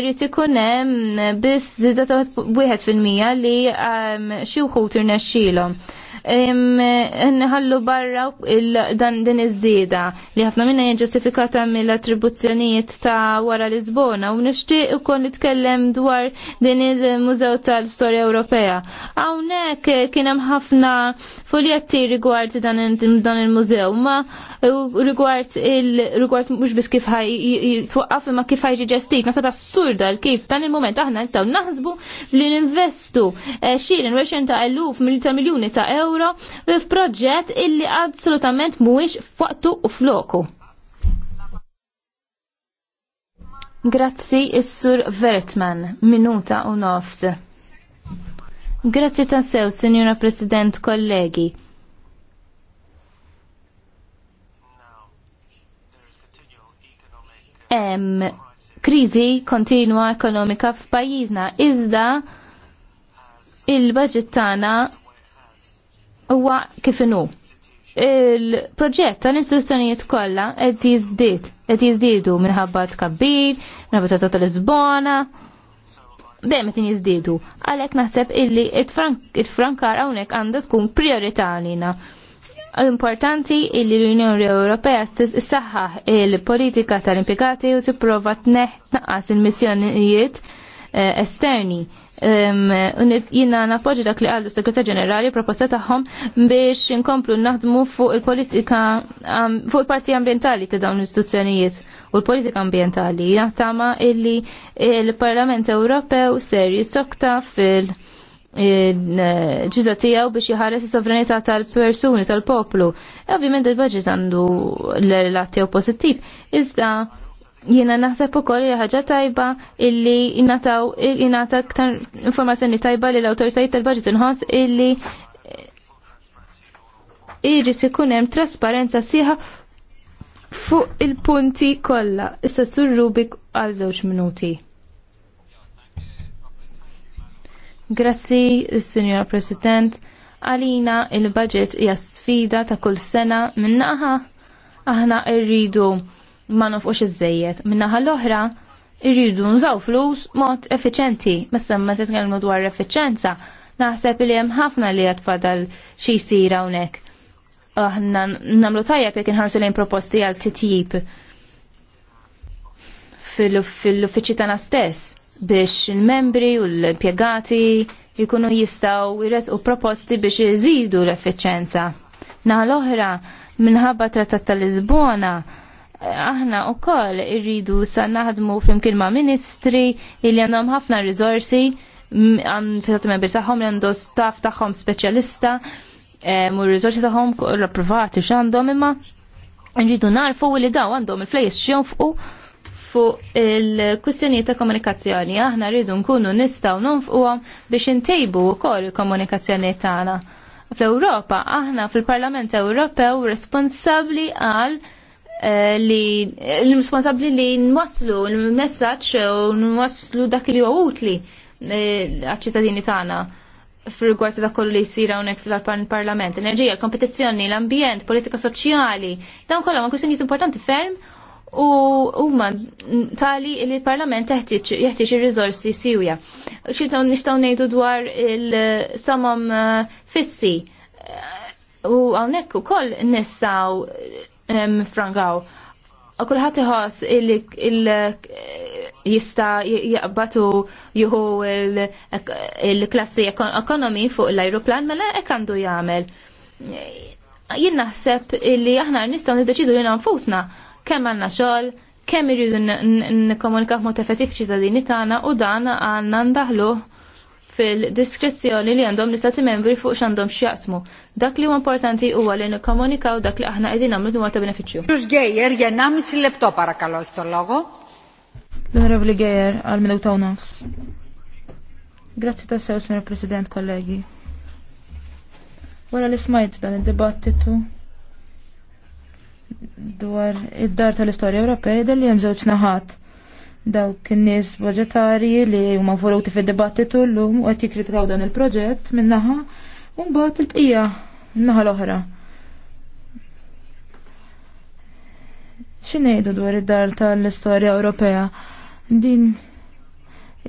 irid ikun hemm biss wieħed fil-mija li um, xi wħud irnexxielhom nħallu barra dan din iż-żieda li ħafna minna ġustifikata mill-attribuzzjonijiet ta' wara Lisbona u nixtieq ukoll nitkellem dwar din il-Mużew tal-Storja Ewropea. Hawnhekk kien hemm ħafna foljetti rigward dan il-mużew ma rigward il-rigward mhux biss kif ħaj jitwaqqaf imma kif ħajġi ġestit, nasab assurda l-kif dan il-moment aħna nistgħu naħsbu li ninvestu eh, xiren 20 ta' eluf ta' miljuni ta' euro euro f'proġett illi assolutament mhuwiex f'waqtu u floku. Grazzi is-Sur Vertman, minuta u nofs. Grazzi tassew, Sinjura President, kollegi. Em, krizi kontinua ekonomika f'pajjiżna, iżda il-budget tagħna huwa kif inhu. Il-proġett tal-istituzzjonijiet kollha qed jiżdied, qed jiżdiedu minħabba tkabbir, minħabba ta' tal-Lisbona, dejjem qed jiżdiedu. Għalhekk naħseb illi it-frankar hawnhekk għandha tkun priorità għalina. Importanti illi l-Unjoni Ewropea tissaħħaħ il-politika tal-impjegati u tipprova tneħ tnaqqas il-missjonijiet eh, esterni jina napoġi dak li għallu sekretar ġenerali proposta taħħom biex inkomplu naħdmu fuq il-politika fuq il-parti ambientali ta' dawn l-istituzzjonijiet u l-politika ambientali jaħtama illi il-Parlament Ewropew ser jisokta fil- ġida tijaw biex jħares il-sovranità tal-persuni, tal-poplu. E Ovvijament il-budget għandu l-relati pozittiv. Iżda jiena naħseb ukoll li ħaġa tajba illi jingħataw jingħata aktar informazzjoni tajba li l-awtoritajiet tal-baġit inħoss illi eh, irrid ikun hemm trasparenza sieħa fuq il-punti kollha. Issa sur Rubik għal żewġ minuti. Grazzi, Signor President. Alina il-budget hija sfida ta' kull sena minnaħa aħna rridu ma nofqux iż-żejjed. Minnaħa l-oħra, irridu nżaw flus mod effiċenti. Messa ma titkellmu dwar effiċenza, naħseb li hemm ħafna li fadal xi jsir hawnhekk. Aħna nagħmlu tajjeb jekk inħarsu lejn proposti għal titjib fil-uffiċċji tagħna stess biex il-membri u l-impjegati jikunu jistaw jresqu proposti biex jizidu l-effiċenza. Naħa l-oħra minħabba trattat tal-Lisbona aħna u koll irridu sa naħdmu flimkien ma' ministri li għandhom ħafna rizorsi għan fitat membri taħħom li għandhom staff taħħom specialista eh, mu rizorsi taħħom kolla privati x'għandhom imma irridu narfu li daw għandhom il-flejs xjonfqu fuq il kustjoni ta' komunikazzjoni. Aħna rridu nkunu nistgħu nonfquhom biex intejbu wkoll il-komunikazzjoni tagħna. Fl-Ewropa, aħna fil-Parlament Ewropew responsabbli għal Eh, li l-responsabli li nwasslu l-messaġġ u nwasslu dak li huwa utli eh, għaċ-ċittadini tagħna fil-rigward ta' kollu li jsir hawnhekk fil-Parlament, enerġija, kompetizzjoni, l-ambjent, politika soċjali, dawn kollha ma kwistjonijiet importanti ferm u huma tali li l-Parlament jeħtieġ ir-riżorsi siwja. Xita nixtaw ngħidu dwar il-samam eh, fissi. U hawnhekk ukoll nistgħu frangaw. Kulħat iħoss il jista jaqbatu juhu il-klassi ekonomi fuq l-aeroplan mela ek għandu jagħmel. Jien naħseb li aħna nistgħu niddeċidu li nfusna kemm għandna xogħol, kemm irridu nikkomunikaw mod effettiv ċittadini tagħna u dan għandna ndaħluh fil-diskrezzjoni li għandhom l-istati membri fuq x'għandhom x'jaqsmu. Dak li huwa importanti huwa li nikkomunikaw dak li aħna qegħdin nagħmlu huwa ta' benefiċċju. Jus Gejer jenna mis il-lebto parakalo jtollogo. L-Onorevoli Gejer għal minuta u nofs. Grazzi ta' sew, Sr. President, kollegi. Wara li smajt dan id-dibattitu dwar id-dar tal-istorja Ewropej, dalli hemm żewġ naħat dawk in-nies budġetarji li huma voluti fid-dibattitu llum u qed jikkritikaw dan il-proġett minnaħa naħa u mbagħad il-bqija min-naħa l-oħra. X'ingħidu dwar id-dar tal-istorja Ewropea? Din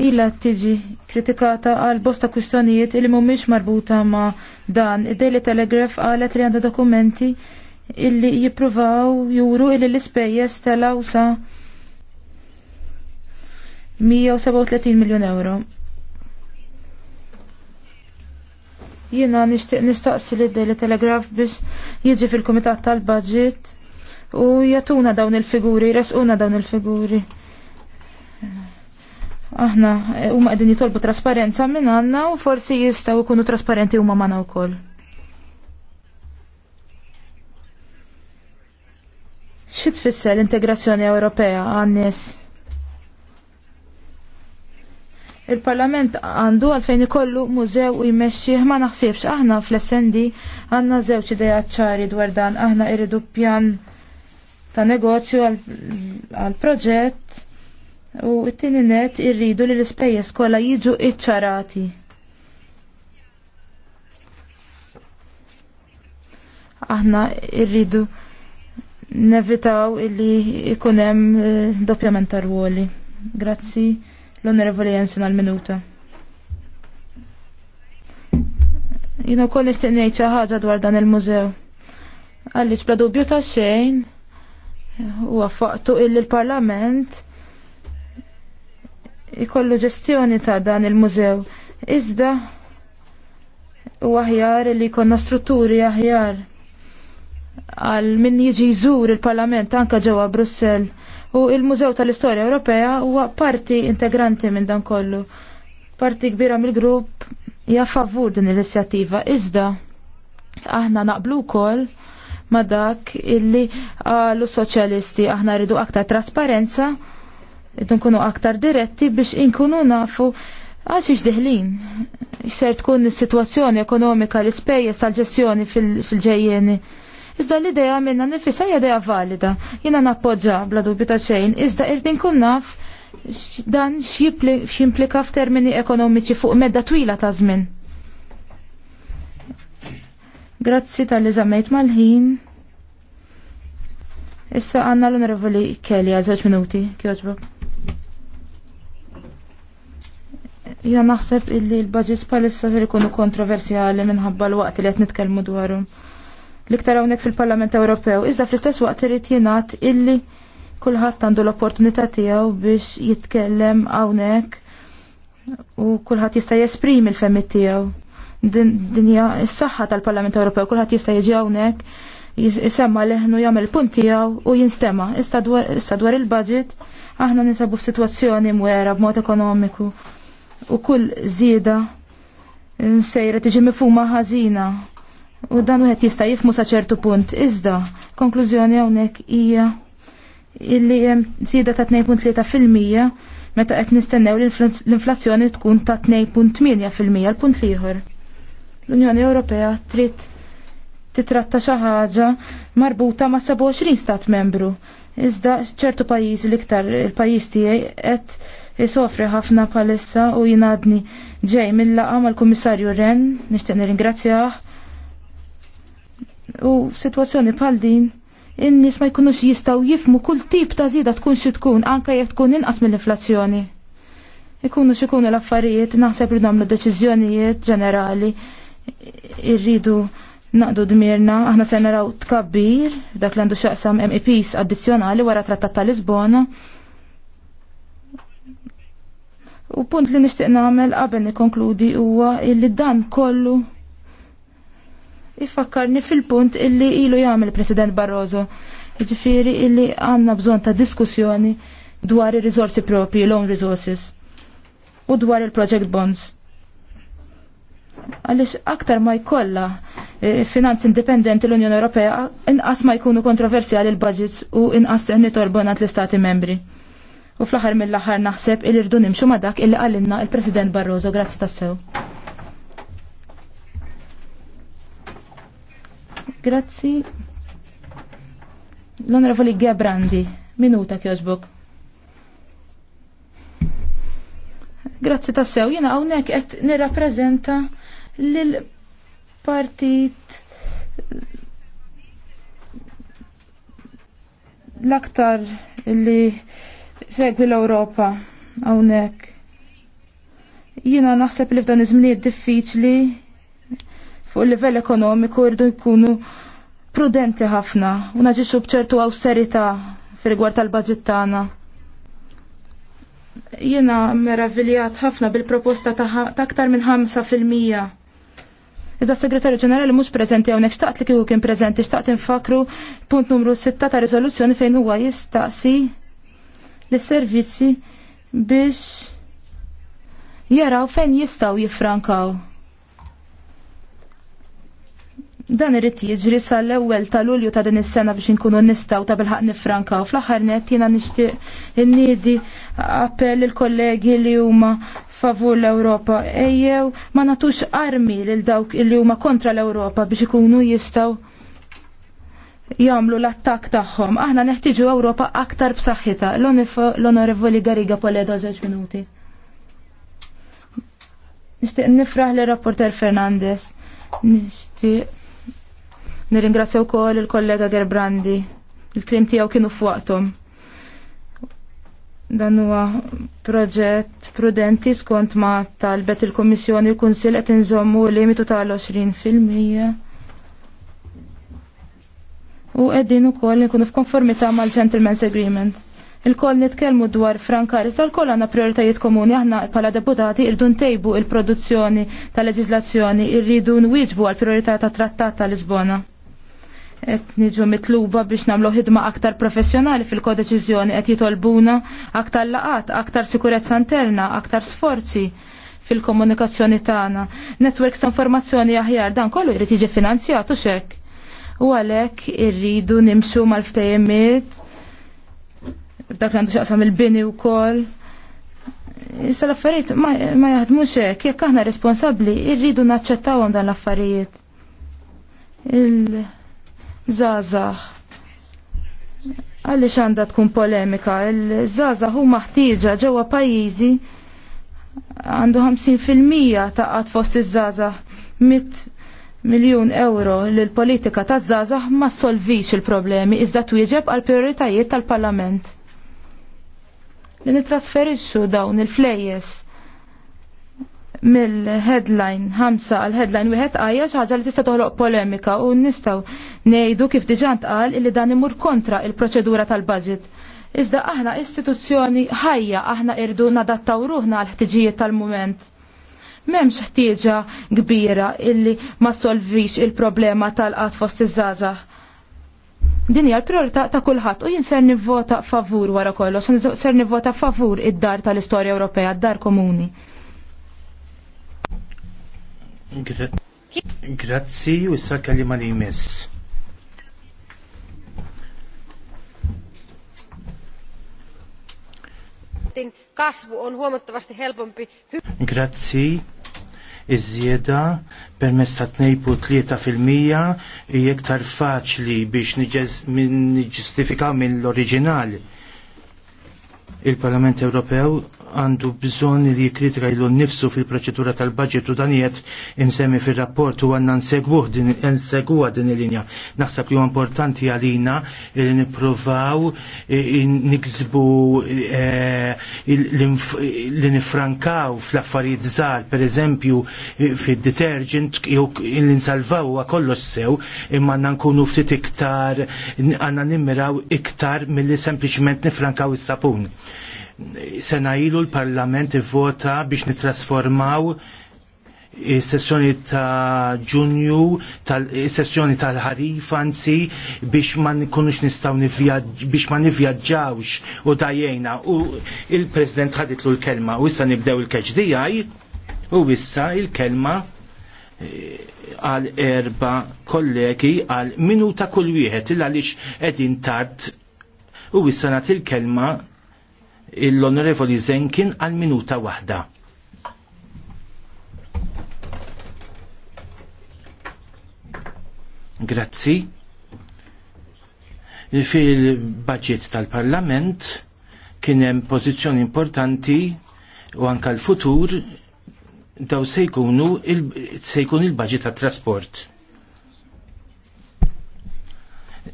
illa tiġi kritikata għal bosta kwistjonijiet li mhumiex marbuta ma' dan. Id-Daily Telegraph għalet li għanda dokumenti illi jippruvaw juru illi l-ispejjeż tal sa' 137 miljon euro. Jiena nixtieq nistaqsi li Daily Telegraph biex jiġi fil-Kumitat tal-Budget u jatuna dawn il-figuri, resquna dawn il-figuri. Aħna eh, huma qegħdin jitolbu trasparenza minn għandna u forsi jistgħu jkunu trasparenti huma magħna wkoll. Xi tfisser l-integrazzjoni Ewropea għan-nies? il-Parlament għandu għalfejn ikollu mużew u jmexxi, ma naħsibx aħna fl-essendi għandna żewġ idea ċari dwar dan aħna irridu pjan ta' negozju għal proġett u t-tieni net irridu li l-ispejjeż kollha jiġu iċċarati. Aħna irridu nevitaw illi ikunem eh, doppjament tarwoli. Grazzi. L-Onorevoli Jensen għal-minuta. Jina kolli xtiqnejt ħaġa dwar dan il-mużew. Għalli bla dubju ta' xejn u għaffaqtu il-parlament ikollu ġestjoni ta' dan il-mużew. Iżda u aħjar li konna strutturi aħjar għal min jiġi jżur il-parlament anka ġewwa Brussell U il-Mużew tal-Istorja Ewropea huwa parti integranti minn dan kollu. Parti kbira mill-grupp hija favur din l-inizjattiva. Iżda aħna naqblu wkoll ma dak illi għallu soċjalisti aħna rridu aktar trasparenza, nkunu aktar diretti biex inkunu nafu għax iġdiħlin. Xser tkun is-sitwazzjoni ekonomika l-ispejjeż tal-ġestjoni fil-ġejjeni. fil ġejjeni fil Iżda l-idea minna nifisa hija idea valida. Jiena nappoġġa bla dubju ta' xejn, iżda irdin kun naf dan x'implika f'termini ekonomiċi fuq medda twila ta' żmien. Grazzi tal-li zammejt mal-ħin. Issa għanna l-onorevoli Kelly għazax minuti, kjoġbu. Jina naħseb illi l-budgets palissa ser ikunu kontroversjali minħabba l-waqt li għet nitkelmu dwarhom l-iktar hawnhekk fil-Parlament Ewropew, iżda fl-istess waqt irid jingħad illi kulħadd għandu l-opportunità tiegħu biex jitkellem hawnhekk u kulħadd jista' jesprimi l-femmit tiegħu. Dinja s-saħħa tal-Parlament Ewropew, kulħadd jista' jiġi hawnhekk jisemma leħnu jagħmel punt tiegħu u jinstema. Issa dwar il-budget aħna ninsabu f'sitwazzjoni mwera b'mod ekonomiku u kull żieda mm, sejra tiġi mifhuma ħażina U dan wieħed jista' jifmu sa ċertu punt. Iżda, konklużjoni hawnhekk hija illi hemm zieda ta' 2.3 fil-mija meta qed nistennew l-inflazzjoni tkun ta' 2.8 fil-mija l-punt liħor. L-Unjoni Ewropea trid titratta xi ħaġa marbuta ma' 27 stat membru. Iżda ċertu pajjiżi l-iktar il-pajjiż tiegħi qed jisofri ħafna palissa u jinadni ġej mill-laqa mal-Kummissarju Ren, nixtieq nirringrazzjah U situazzjoni bħal din, in-nies ma jkunux jistgħu jifmu kull tip ta' żieda tkun xi tkun anke jekk tkun inqas mill-inflazzjoni. Ikunu xikunu l-affarijiet, naħseb li nagħmlu deċiżjonijiet ġenerali, irridu naqdu dmirna, aħna se naraw tkabbir, dak li għandu xaqsam MEPs addizzjonali wara trattat ta' Lisbona. U punt li nixtieq nagħmel qabel nikkonkludi huwa illi dan kollu ifakkarni fil-punt illi ilu jagħmel President Barroso. Ġifiri illi għandna bżonn ta' diskussjoni dwar ir rizorsi propri, l-own resources, u dwar il-project bonds. Għaliex aktar ma jkollha eh, finanzi indipendenti l-Unjoni Ewropea, inqas ma jkunu kontroversjali l-budgets u inqas se nitorbon l-Istati membri. U fl-aħħar mill-aħħar naħseb il-irdu nimxu ma dak illi għallinna il-President Barroso, grazzi tassew. Grazzi. L-Onorevoli Gebrandi, minuta kjoġbok. Grazzi tassew, jena għawnek għet nirrapprezenta l-partit l-aktar li segwi l-Europa għawnek. Jena naħseb li f'dan iż-żminijiet diffiċli fuq il-livell ekonomiku irdu jkunu prudenti ħafna u naġixxu bċertu awsterità fil-rigward tal-budget tagħna. Jiena meraviljat ħafna bil-proposta ta' aktar minn 5%. Iżda segretarju ġenerali mhux preżenti hawnhekk xtaqt li kieku kien preżenti xtaqt infakru punt numru 6 ta' riżoluzzjoni fejn huwa jistaqsi lis-servizzi biex jaraw fejn jistgħu jiffrankaw. Dan irrit jiġri sal-ewwel ta' Lulju ta' din is-sena biex inkunu nistgħu ta' bilħaq nifranka u fl-aħħar nett jiena nixtieq innidi appell il kollegi li huma favur l-Ewropa ejjew ma nagħtux armi lil dawk li huma kontra l-Ewropa biex ikunu jistgħu jagħmlu l-attakk tagħhom. Aħna neħtieġu Ewropa aktar b'saħħitha. L-Onorevoli Gariga Poledo żewġ minuti. Nixtieq nifraħ li rapporter Fernandez. Nixtieq Nirringrazzja wkoll il-kollega Gerbrandi. Il-klim tiegħu kienu f'waqthom. Dan huwa proġett prudenti skont ma talbet il-Kommissjoni l-Kunsill qed inżommu limitu tal-20 fil-mija. U qegħdin ukoll nkunu f'konformità mal-Gentleman's Agreement. Il-koll nitkellmu dwar frankaris tal koll għandna prioritajiet komuni, aħna bħala deputati irdu ntejbu il-produzzjoni tal-leġislazzjoni, irridu nwieġbu għal priorità tat trattat ta' Lisbona qed niġu mitluba biex nagħmlu ħidma aktar professjonali fil-kodeċiżjoni qed jitolbuna aktar laqat, aktar sikurezza interna, aktar sforzi fil-komunikazzjoni tagħna. Networks ta' informazzjoni aħjar dan kollu jrid jiġi finanzjatu xek. U għalhekk irridu nimxu mal-ftejjemiet dak li għandu xaqsam il-bini wkoll. Issa l-affarijiet ma jaħdmux hekk jekk aħna responsabbli rridu naċċettawhom dan l-affarijiet zazax. Għalli xanda tkun polemika, il-żazax huma ħtieġa ġewwa pajjiżi għandu 50% ta' għad fost iż-żazax mit miljun euro li l-politika ta' żazax ma solvix il-problemi iżda twieġeb għal prioritajiet tal-Parlament. Li nitrasferixxu dawn il-flejjes mill-headline 5 għal headline wieħed għajja xi ħaġa li tista' toħloq polemika u nistgħu ngħidu kif diġà ntqal illi dan imur kontra il-proċedura tal-budget. Iżda aħna istituzzjoni ħajja aħna irdu nadattaw ruħna għal ħtiġijiet tal-mument. M'hemmx ħtieġa kbira illi ma solvix il-problema tal-qatt fost iż-żgħażagħ. Din hija l-priorità ta' kulħadd u jien ser nivvota favur wara kollox, ser nivvota favur id-dar tal-istorja Ewropea, d-dar komuni. Grazzi u issa kalima li jmiss. kasvu on huomattavasti helpompi. Grazzi. Iż-żieda permezz ta' 2.3% hija iktar faċli biex niġġustifikaw l oriġinali il-Parlament Ewropew għandu bżon li jikritika jillu nifsu fil-proċedura tal-budget u danijiet imsemmi fil-rapport u għanna nsegwuħ din, din il-linja. Naħseb li u importanti għalina li niprovaw eh, nikzbu eh, li nifrankaw fl-affarijiet zar, per eżempju eh, fil-detergent li nsalvaw għakollu kollox sew imma għanna nkunu ftit iktar għanna nimmiraw iktar mill-li sempliciment nifrankaw is-sapun sena ilu l-Parlament vota biex nitrasformaw sessjoni ta' ġunju, sessjoni tal-ħarif anzi biex ma nkunux nistaw biex ma nivjaġġawx u dajjena u il-President ħaditlu l-kelma u issa nibdew il-keġdijaj u issa il-kelma eh, għal erba kollegi għal minuta kull wieħed il għaliex qegħdin tard u issa nagħti l-kelma l-Onorevoli Zenkin għal minuta waħda. Grazzi. Fil-budget tal-Parlament kien hemm pożizzjoni importanti u anka l-futur daw se jkunu il-budget tat-trasport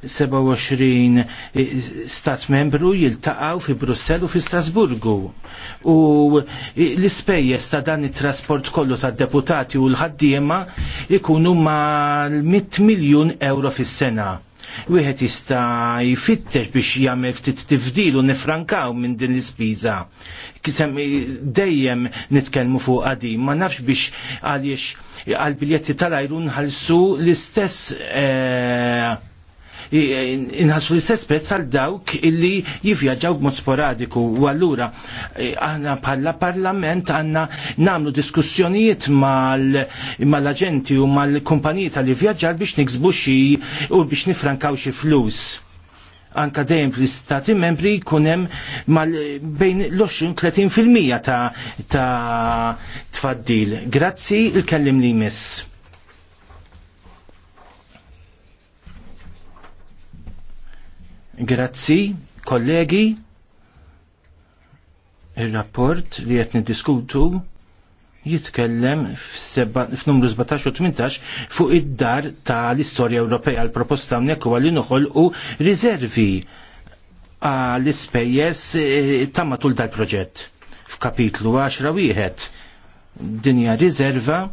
27 stat membru jiltaqaw fi Brussell u fi Strasburgu. U l-ispejjeż ta' dan it-trasport kollu tad deputati u l-ħaddiema ikunu ma' 100 miljun euro fis-sena. Wieħed jista' jfittex biex jagħmel ftit tifdil u nifrankaw minn din l-ispiża. Kisem dejjem nitkellmu fuq għadi, ma nafx biex għaliex għal biljetti tal-ajru nħallsu l-istess eh, inħassu l-istess prezz għal dawk illi jivvjaġġaw b'mod sporadiku u allura eh, aħna bħala parlament għandna nagħmlu diskussjonijiet mal-aġenti u mal-kumpaniji tal-ivvjaġġar biex niksbu xi u biex nifrankaw xi flus anka dejjem fl-istati membri jkun hemm bejn l-20-30% ta' ta' tfaddil. Grazzi il-kellim li jmiss. Grazzi, kollegi, il-rapport li qed niddiskutu jitkellem f'numru 17 u 18 fuq id-dar tal-istorja Ewropea l proposta hawnhekk huwa li noħolqu riservi għall ispejjeż eh, ta' matul dal-proġett. F'kapitlu 10 wieħed dinja riserva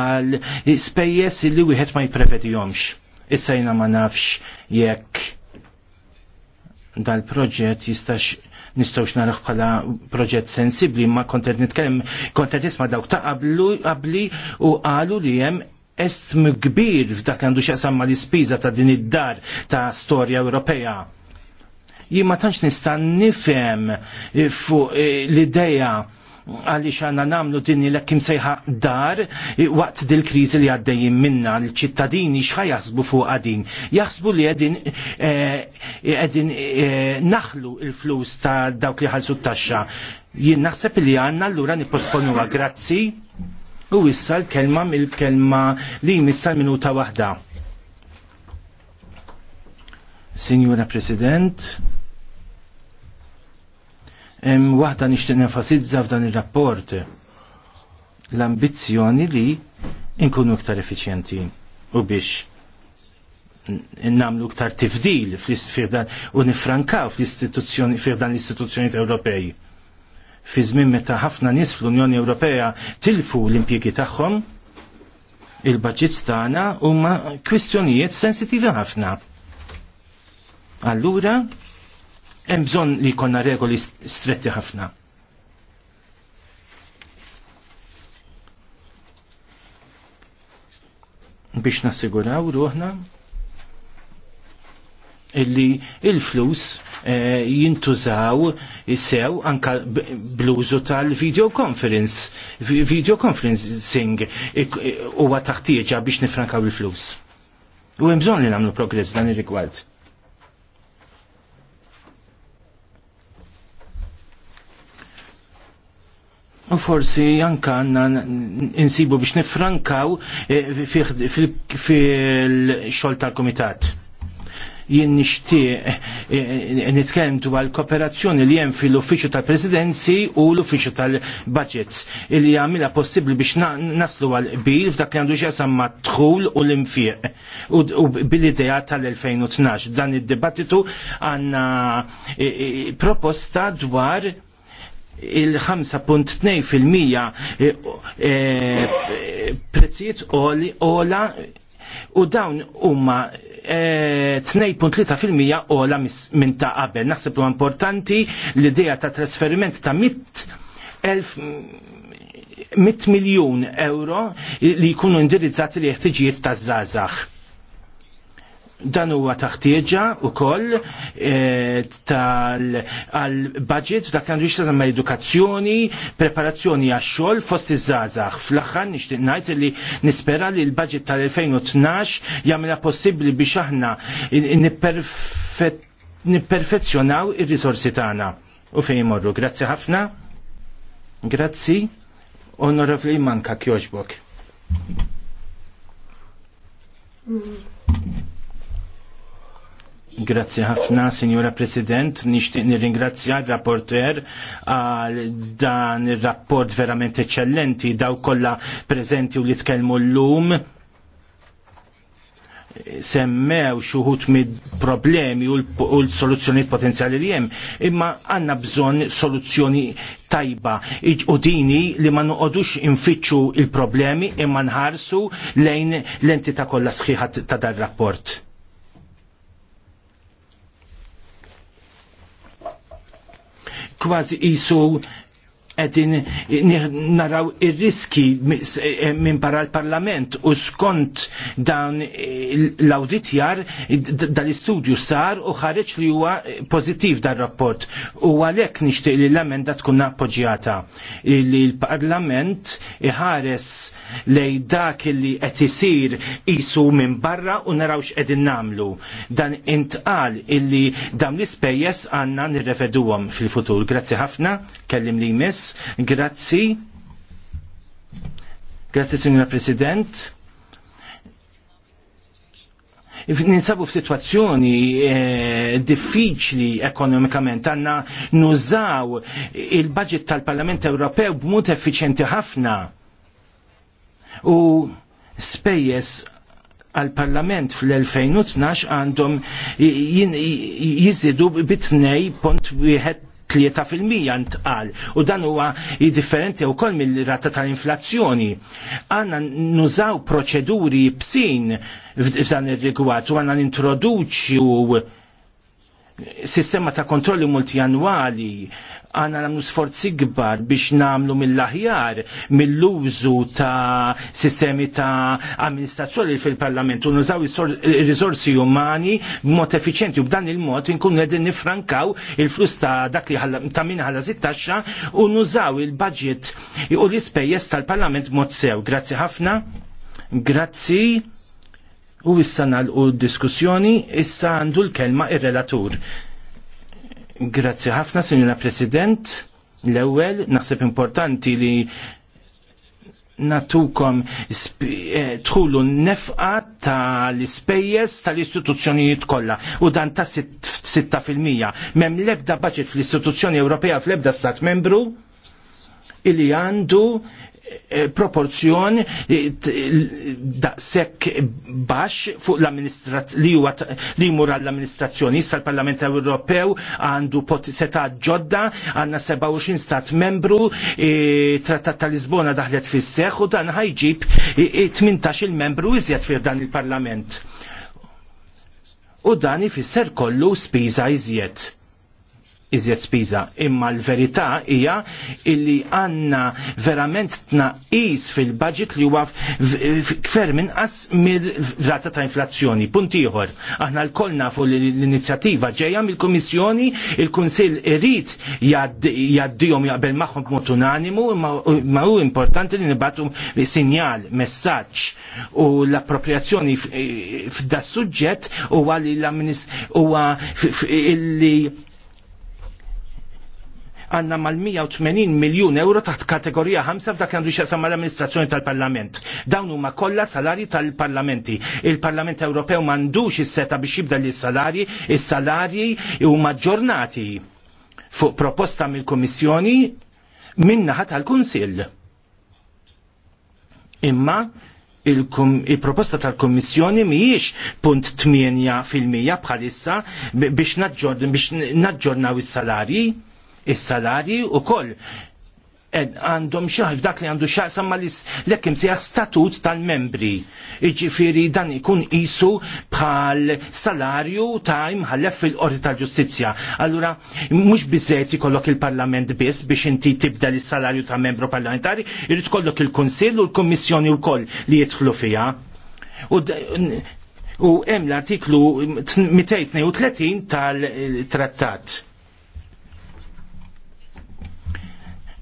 għal spejjes li wieħed ma jomx. Issa jina ma nafx jekk dal-proġett jistax nistawx narax bħala proġett sensibli, ma kontet nitkellem, kontet nisma dawk ta' qablu qabli u qalu li hemm estm kbir f'dak għandu xaqsam ma l-ispiża ta' din id-dar ta' storja Ewropea. Jien ma tantx nista' nifhem fuq l-idea għaliex għandna nagħmlu dinni l kim sejħa dar waqt dil kriżi li għaddejjin minna l-ċittadini xħa jaħsbu fuq għadin. Jaħsbu li qegħdin qegħdin e, naħlu l flus ta' dawk li ħalsu t-taxxa. Jien naħseb li għandna allura nipposponuha grazzi u issa l-kelma mill-kelma li jmissa minuta waħda. Signora President, Waħda nixtieq nenfasizza f'dan ir-rapport l-ambizzjoni li nkunu iktar effiċjenti u biex namlu iktar tifdil firdan u nifrankaw fl-istituzzjoni fil-dan l-istituzzjonijiet Ewropej. Fi żmien meta ħafna nies fl-Unjoni Ewropea tilfu l-impjiegi tagħhom, il-budgets tagħna huma kwistjonijiet sensitivi ħafna. Allura, hemm bżonn li jkollna regoli stretti ħafna. biex nassiguraw ruħna illi il-flus e, jintużaw sew anka bluzu tal-video conference, video conferencing huwa taħtieġa biex nifrankaw il-flus. U hemm bżonn li nagħmlu progress dan ir-rigward. forsi anka għanna insibu biex nifrankaw eh, fil-xol tal-komitat. Jien nixtieq eh, eh, nitkellem dwar kooperazzjoni li hemm fil-uffiċċju tal-Presidenzi u l-uffiċċju tal-Budgets li jagħmilha possibbli biex naslu għal bil f'dak li għandu x'jaqsam ma' dħul u l-infieq u bil-idea tal-2012. Dan id-dibattitu għandna proposta dwar il-5.2% eh, eh, prezzijiet ola u dawn huma 2.3% eh, ola minn ta' qabel. Naħseb huwa importanti l-idea ta' trasferiment ta' 100 miljun euro li jkunu indirizzati li ħtiġijiet ta' zazax dan huwa taħtieġa wkoll eh, tal-budget dak kan rixta ma' edukazzjoni, preparazzjoni għax-xogħol fost iż-żgħażagħ. Fl-aħħar nixtieq ngħid li nispera li l-budget tal-2012 jagħmilha possibbli biex aħna nipperfezzjonaw ir-risorsi tagħna. U fejn imorru. Grazzi ħafna. Grazzi. Onorevli manka kjoġbok. Mm. Grazzi ħafna, Signora President, nixtieq nirringrazzja r rapporter għal dan ir rapport verament eċċellenti daw kollha preżenti u li tkellmu llum semmew xuħut mid problemi u l-soluzzjoni potenzjali li jem, imma għanna bżon soluzzjoni tajba. U li ma nuqodux infittxu il-problemi imma nħarsu lejn l-entita kollha sħiħat ta' dar rapport. kważi isu qegħdin naraw ir-riski eh, minn para l-Parlament u skont dan eh, l-awditjar dal-istudju sar u ħareġ li huwa eh, pożittiv dar-rapport u għalhekk nixtieq li l-emenda tkun appoġġjata li l-Parlament iħares lejn dak li qed isir isu minn barra u narawx qegħdin nagħmlu. Dan intqal illi dawn l-ispejjeż għandna nirreveduhom fil-futur. Grazzi ħafna, kellim li jmiss. Marines. Grazzi. Grazzi, Signora President ninsabu f-situazzjoni eh, diffiċli ekonomikament, għanna nużaw il-budget tal-Parlament Ewropew b'mod effiċenti ħafna. U spejjes għal-Parlament fl-2012 għandhom jizdidu bitnej pont wieħed 3% ntqal u dan huwa differenti wkoll mill-rata tal-inflazzjoni. Għanna nużaw proċeduri bsin f'dan ir-rigward u għanna nintroduċu sistema ta' kontrolli multijanwali għana namlu sforzi gbar biex namlu mill-aħjar, mill-użu ta' sistemi ta' amministrazzjoni fil-parlament, nużaw il-rizorsi umani b'mod effiċenti u b'dan il-mod nkun għedin nifrankaw il-flus ta' dak li ta' minna ħalla zittaxa u nużaw il-budget u l-ispejjeż tal-parlament mod sew. Grazzi ħafna, grazzi. U issa d diskussjoni, issa għandu l-kelma ir-relatur. Grazzi ħafna, Sinjora President. L-ewwel naħseb importanti li natukom eh, tħullu nefqa tal-ispejjeż tal-istituzzjonijiet kollha u dan ta' 6% mem lebda budget fl-istituzzjoni Ewropea fl-ebda stat membru illi għandu Eh, proporzjon eh, daqshekk baxx fuq li huwa li jmur għall-amministrazzjoni. Issa l-Parlament Ewropew għandu seta' ġodda għandna 27 stat membru, eh, trattat ta' Lisbona daħlet fis-seħħ u dan ħajġib 18 membru iżjed fir dan il-Parlament. U dan ifisser kollu spiża iżjed iżjed spiża. Imma l-verità hija illi għandna verament tnaqqis fil-budget li huwa kfer minqas mir-rata ta' inflazzjoni. Punt ieħor, aħna lkoll nafu l-inizjattiva ġejja mill-Kummissjoni, il-Kunsill irid jgħaddihom jaqbel magħhom b'mod unanimu, ma hu importanti li nibatu sinjal, messaġġ u l-appropriazzjoni f'da suġġett huwa li l-amministrazzjoni huwa illi għanna mal-180 miljon euro taħt kategorija 5 f'dak għandu xaqsam mal-amministrazzjoni tal-Parlament. Dawn huma kollha salari tal-Parlamenti. Il-Parlament Ewropew m'għandux is-seta biex jibda li salari, is-salari huma ġornati fuq proposta mill-Kummissjoni minnaħat tal-Kunsill. Imma il-proposta il tal-Kommissjoni mhijiex punt 8% bħalissa biex naġġornaw is-salarji Is-salari u koll għandhom xaħf dak li għandu xaqsam li s-lekkim si statut tal-membri. Iġifiri dan ikun jisu bħal salarju ta' imħallef fil-qorti tal-ġustizja. Allura, mux bizzet jikollok il-parlament biss biex inti tibda li salarju ta' membru parlamentari, irrit kollok il-konsil u l-kommissjoni u koll li jitħlu fija. U hemm l-artiklu 232 tal-trattat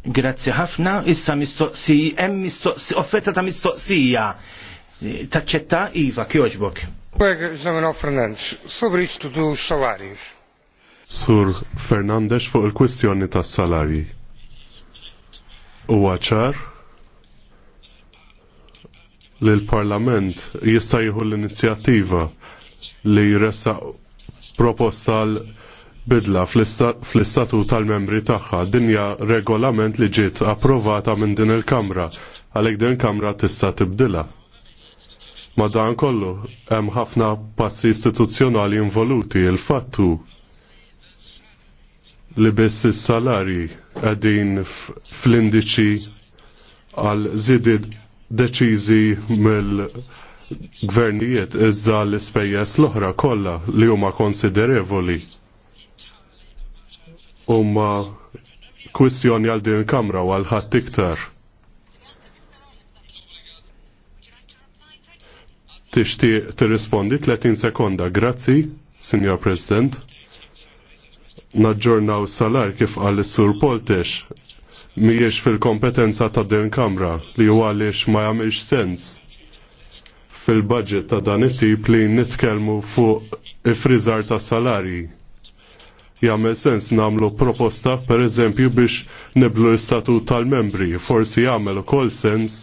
Grazzi ħafna, issa mistoqsi hemm mistoqsi, offerta ta' mistoqsija. Taċċetta Iva, kjoġbok. Beg, Zemino Fernandez, sobre isto do Sur Fernandez fuq il-kwistjoni tas salarji. Huwa ċar li l-Parlament jista' jieħu l-inizjattiva li jressaq proposta l bidla fl-istatu tal-membri tagħha dinja regolament li ġiet approvata minn din il-Kamra għalhekk din il-Kamra tista' tibdilha. Ma dan kollu hemm ħafna passi istituzzjonali involuti il-fattu li biss is-salari qegħdin fl-indiċi għal żidiet deċiżi mill-gvernijiet iżda l-ispejjeż l-oħra kollha li huma konsiderevoli huma kwistjoni għal din kamra u għal ħadd iktar. Tixtieq tirrispondi 30 sekonda. Grazzi, Sinjor President. Naġġornaw salar kif qal is-Sur Poltex mhijiex fil-kompetenza ta' din kamra li huwa għaliex ma jagħmilx sens fil-budget ta' dan it-tip li nitkellmu fuq ifriżar ta' salarji jagħmel sens nagħmlu proposta pereżempju biex niblu l-istatut tal-membri, forsi jagħmel ukoll sens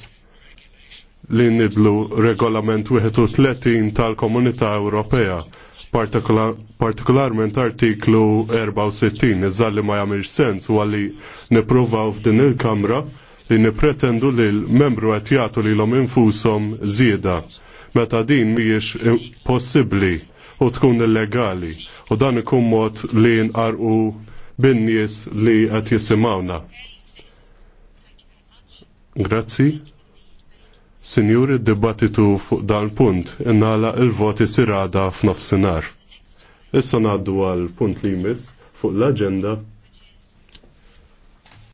li niblu regolament 31 tal-Komunità Ewropea, partikolarment artiklu 64, iżda li ma jagħmel sens u għalli nippruvaw f'din il-Kamra li nipretendu li l-membru qed jagħtu lilhom infushom żieda meta din mhijiex possibbli u tkun illegali u dan ikun mod li nqarqu bin-nies li qed jisimgħuna. Grazzi. Sinjuri d-dibattitu fuq dan punt innala il-voti sirada f'nofsinhar. Issa ngħaddu għal punt li jmiss fuq l-aġenda